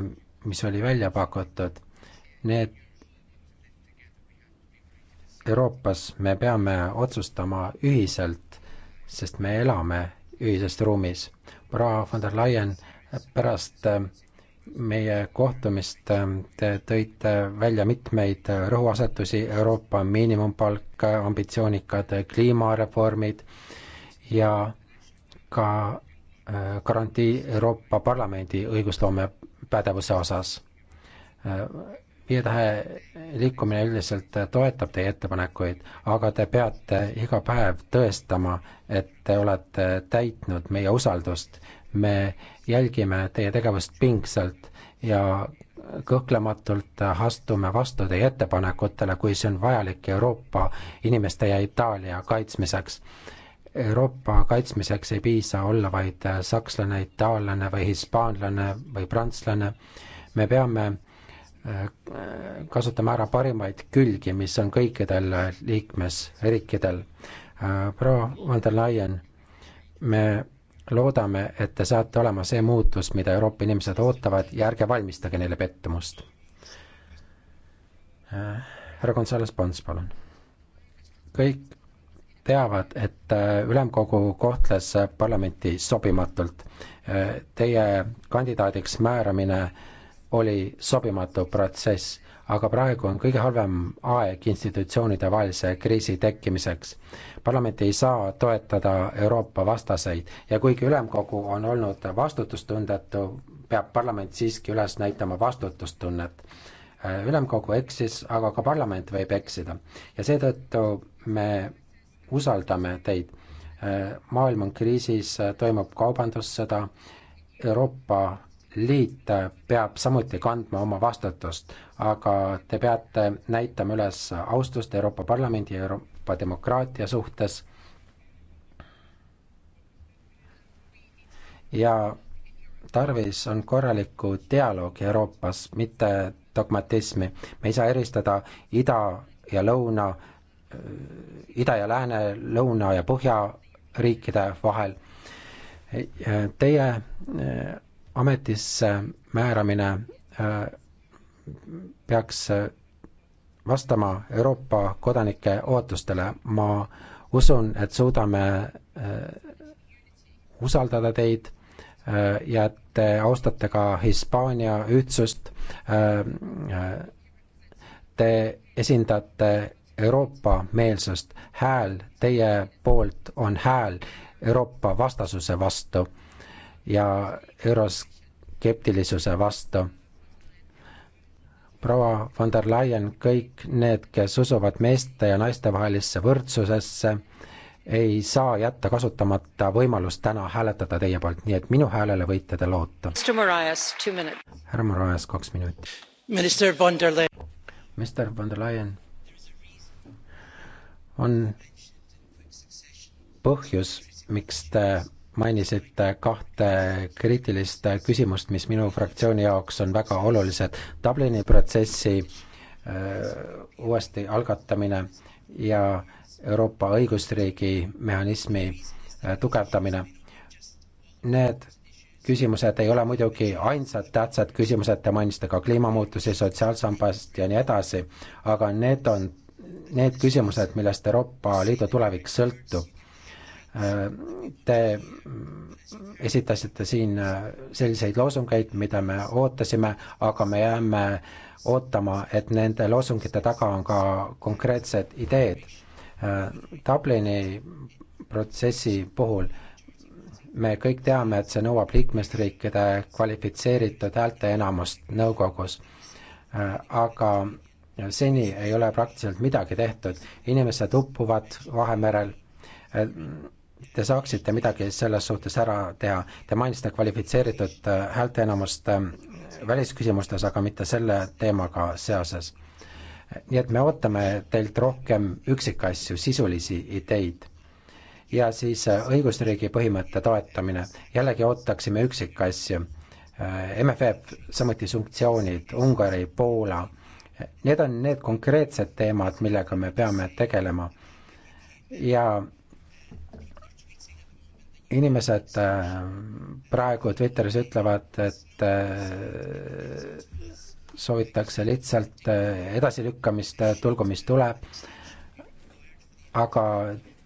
mis oli välja pakutud. Need Euroopas me peame otsustama ühiselt, sest me elame ühises ruumis. proua von der Leyen pärast meie kohtumist ähm, te tõite välja mitmeid rõhuasetusi, Euroopa miinimumpalk, ambitsioonikad kliimareformid ja ka äh, garantii Euroopa Parlamendi õigusloome pädevuse osas. Äh, viie tähe liikumine üldiselt toetab teie ettepanekuid, aga te peate iga päev tõestama, et te olete täitnud meie usaldust me jälgime teie tegevust pingsalt ja kõhklematult astume vastu teie ettepanekutele, kui see on vajalik Euroopa inimeste ja Itaalia kaitsmiseks. Euroopa kaitsmiseks ei piisa olla vaid sakslane, itaallane või hispaanlane või prantslane. me peame äh, kasutama ära parimaid külgi, mis on kõikidel liikmesriikidel. Äh, proua von der Leyen, me loodame, et te saate olema see muutus, mida Euroopa inimesed ootavad ja ärge valmistage neile pettumust. härra Gonzales Pons, palun. kõik teavad, et äh, ülemkogu kohtles äh, parlamenti sobimatult. Äh, teie kandidaadiks määramine oli sobimatu protsess aga praegu on kõige halvem aeg institutsioonide vahelise kriisi tekkimiseks. parlament ei saa toetada Euroopa vastaseid ja kuigi ülemkogu on olnud vastutustundetu, peab parlament siiski üles näitama vastutustunnet. ülemkogu eksis, aga ka parlament võib eksida ja seetõttu me usaldame teid. maailm on kriisis, toimub kaubandussõda, Euroopa liit peab samuti kandma oma vastutust, aga te peate näitama üles austust Euroopa Parlamendi ja Euroopa demokraatia suhtes. ja tarvis on korralikku dialoogi Euroopas, mitte dogmatismi. me ei saa eristada ida ja lõuna, ida ja lääne, lõuna ja põhja riikide vahel. Teie ametisse määramine äh, peaks äh, vastama Euroopa kodanike ootustele. ma usun, et suudame äh, usaldada teid ja et te austate ka Hispaania ühtsust. Te esindate Euroopa meelsust, hääl teie poolt on hääl Euroopa vastasuse vastu ja euroskeptilisuse vastu. proua von der Leyen, kõik need, kes usuvad meeste ja naiste vahelisse võrdsusesse, ei saa jätta kasutamata võimalust täna hääletada teie poolt, nii et minu häälele võite te loota. härra Moraes, kaks minutit. minister von der Leyen. Mr von der Leyen on põhjus, miks te mainisite kahte kriitilist küsimust, mis minu fraktsiooni jaoks on väga olulised. Dublini protsessi öö, äh, uuesti algatamine ja Euroopa õigusriigi mehhanismi äh, tugevdamine. Need küsimused ei ole muidugi ainsad tähtsad küsimused, te mainisite ka kliimamuutusi, sotsiaalsambast ja nii edasi, aga need on need küsimused, millest Euroopa Liidu tulevik sõltub Te esitasite siin äh, selliseid loosungeid, mida me ootasime, aga me jääme ootama, et nende loosungite taga on ka konkreetsed ideed. Äh, Dublini protsessi puhul me kõik teame, et see nõuab liikmesriikide kvalifitseeritud häälteenamust nõukogus. Äh, aga seni ei ole praktiliselt midagi tehtud, inimesed uppuvad Vahemerel, te saaksite midagi selles suhtes ära teha. Te mainisite kvalifitseeritud äh, häälteenamust ähm, välisküsimustes, aga mitte selle teemaga seoses. nii et me ootame teilt rohkem üksikasju, sisulisi ideid. ja siis äh, õigusriigi põhimõtte toetamine, jällegi ootaksime üksikasju. Äh, MFF, samuti sanktsioonid, Ungari, Poola, need on need konkreetsed teemad, millega me peame tegelema ja inimesed äh, praegu Twitteris ütlevad, et äh, soovitakse lihtsalt äh, edasilükkamist, tulgu mis tuleb, aga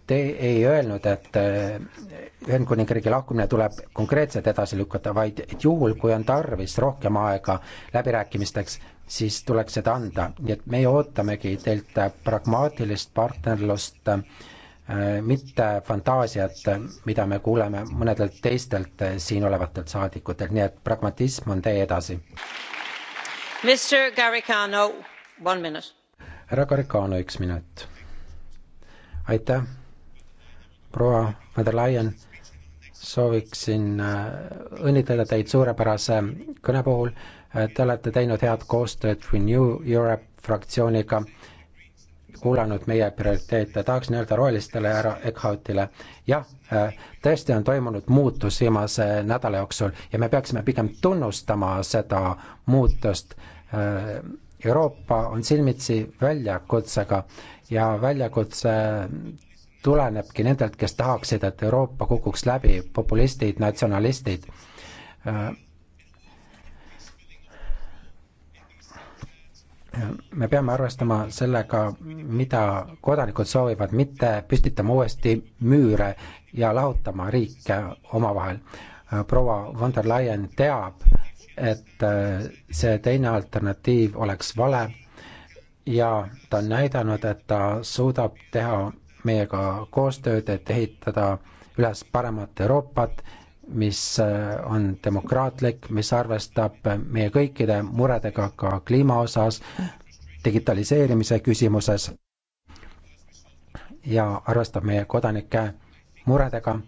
te ei öelnud, et Ühendkuningriigi lahkumine tuleb konkreetselt edasi lükata, vaid et juhul, kui on tarvis rohkem aega läbirääkimisteks, siis tuleks seda anda, nii et meie ootamegi teilt pragmaatilist partnerlust äh, Äh, mitte fantaasiat, mida me kuuleme mõnedelt teistelt äh, siin olevatelt saadikutelt, nii et pragmatism on tee edasi. härra Garicano, üks minut. aitäh, proua von der Leyen, sooviksin äh, õnnitleda teid suurepärase kõne puhul, te olete teinud head koostööd Renew Europe fraktsiooniga kuulanud meie prioriteete, tahaksin öelda rohelistele härra Eckhautile, jah, äh, tõesti on toimunud muutus viimase nädala jooksul ja me peaksime pigem tunnustama seda muutust. Äh, Euroopa on silmitsi väljakutsega ja väljakutse tulenebki nendelt, kes tahaksid, et Euroopa kukuks läbi, populistid, natsionalistid äh, me peame arvestama sellega, mida kodanikud soovivad, mitte püstitama uuesti müüre ja lahutama riike omavahel. proua von der Leyen teab, et äh, see teine alternatiiv oleks vale ja ta on näidanud, et ta suudab teha meiega koostööd, et ehitada üles paremat Euroopat mis äh, on demokraatlik, mis arvestab meie kõikide muredega ka kliima osas, digitaliseerimise küsimuses ja arvestab meie kodanike muredega.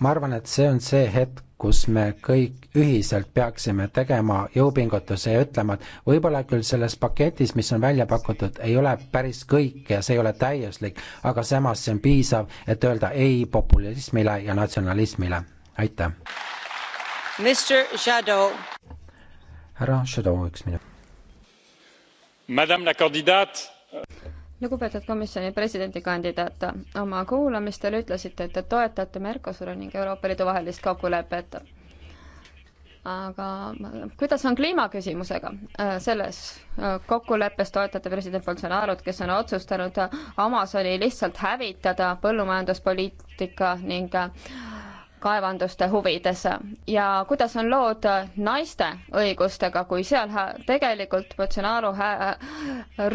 ma arvan, et see on see hetk, kus me kõik ühiselt peaksime tegema jõupingutuse ja ütlema, et võib-olla küll selles paketis, mis on välja pakutud, ei ole päris kõik ja see ei ole täiuslik, aga samas see on piisav, et öelda ei populismile ja natsionalismile. aitäh. härra Shadow, üks minut lugupeetud komisjoni presidendikandidaat, oma kuulamistel ütlesite, et te toetate Mercosuri ning Euroopa Liidu vahelist kokkulepet. aga kuidas on kliimaküsimusega? selles äh, kokkuleppes toetate president Bolsonaro't, kes on otsustanud Amazoni äh, lihtsalt hävitada põllumajanduspoliitika ning äh, kaevanduste huvides ja kuidas on lood naiste õigustega, kui seal tegelikult Bolsonaro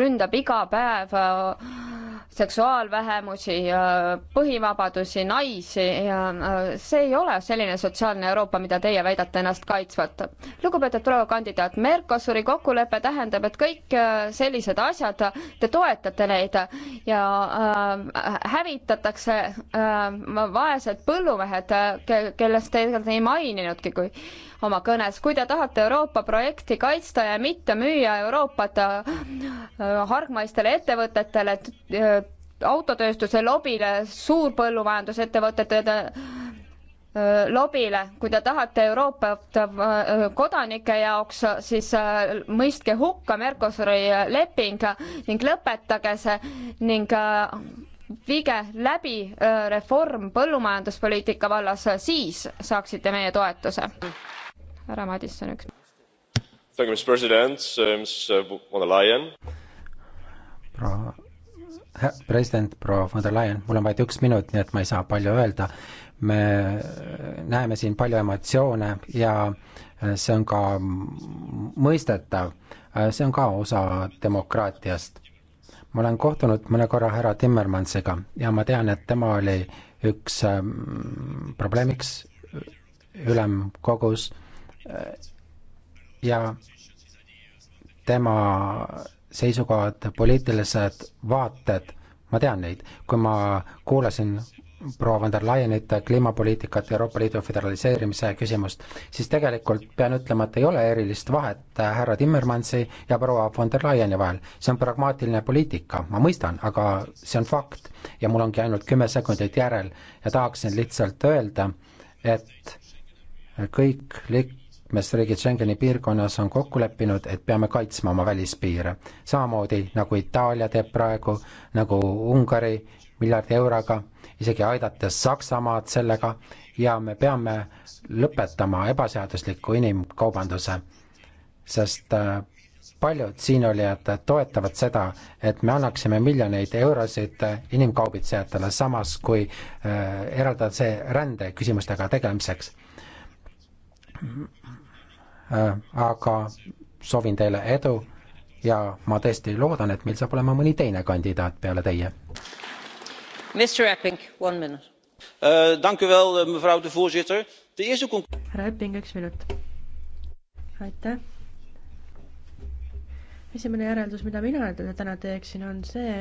ründab iga päev äh, seksuaalvähemusi, põhivabadusi, naisi ja äh, see ei ole selline sotsiaalne Euroopa, mida teie väidate ennast kaitsvat. lugupeetud proua kandidaat, Mercosuri kokkulepe tähendab, et kõik äh, sellised asjad, te toetate neid ja äh, hävitatakse äh, vaesed põllumehed, äh, kellest te ei maininudki, kui oma kõnes. kui te tahate Euroopa projekti kaitsta ja mitte müüa Euroopat äh, hargmaistele ettevõtetele, äh, autotööstuse lobile, suurpõllumajandusettevõtetele, äh, lobile, kui te tahate Euroopat kodanike jaoks, siis mõistke hukka Mercosuri leping ning lõpetage see ning viige läbi reform põllumajanduspoliitika vallas, siis saaksite meie toetuse. härra Madisson, üks. Äh, proua, president proua von der Leyen, mul on vaid üks minut, nii et ma ei saa palju öelda. me näeme siin palju emotsioone ja äh, see on ka mõistetav, äh, see on ka osa demokraatiast ma olen kohtunud mõne korra härra Timmermansiga ja ma tean, et tema oli üks ähm, probleemiks ülemkogus äh, ja tema seisukohad, poliitilised vaated, ma tean neid, kui ma kuulasin proua von der Leyenit kliimapoliitikat, Euroopa Liidu föderaliseerimise küsimust, siis tegelikult pean ütlema, et ei ole erilist vahet härra Timmermansi ja proua von der Leyeni vahel. see on pragmaatiline poliitika, ma mõistan, aga see on fakt ja mul ongi ainult kümme sekundit järel ja tahaksin lihtsalt öelda, et kõik liikmesriigid Schengeni piirkonnas on kokku leppinud, et peame kaitsma oma välispiire. samamoodi nagu Itaalia teeb praegu, nagu Ungari miljardi euroga isegi aidates Saksamaad sellega ja me peame lõpetama ebaseadusliku inimkaubanduse, sest äh, paljud siinolijad toetavad seda, et me annaksime miljoneid eurosid äh, inimkaubitsejatele, samas kui äh, eraldada see rändeküsimustega tegelemiseks. aga soovin teile edu ja ma tõesti loodan, et meil saab olema mõni teine kandidaat peale teie. Eh, eh, voorzitter de eerste conclusie. härra eppink üks minut. aitäh! esimene järeldus mida mina täna teeksin on see et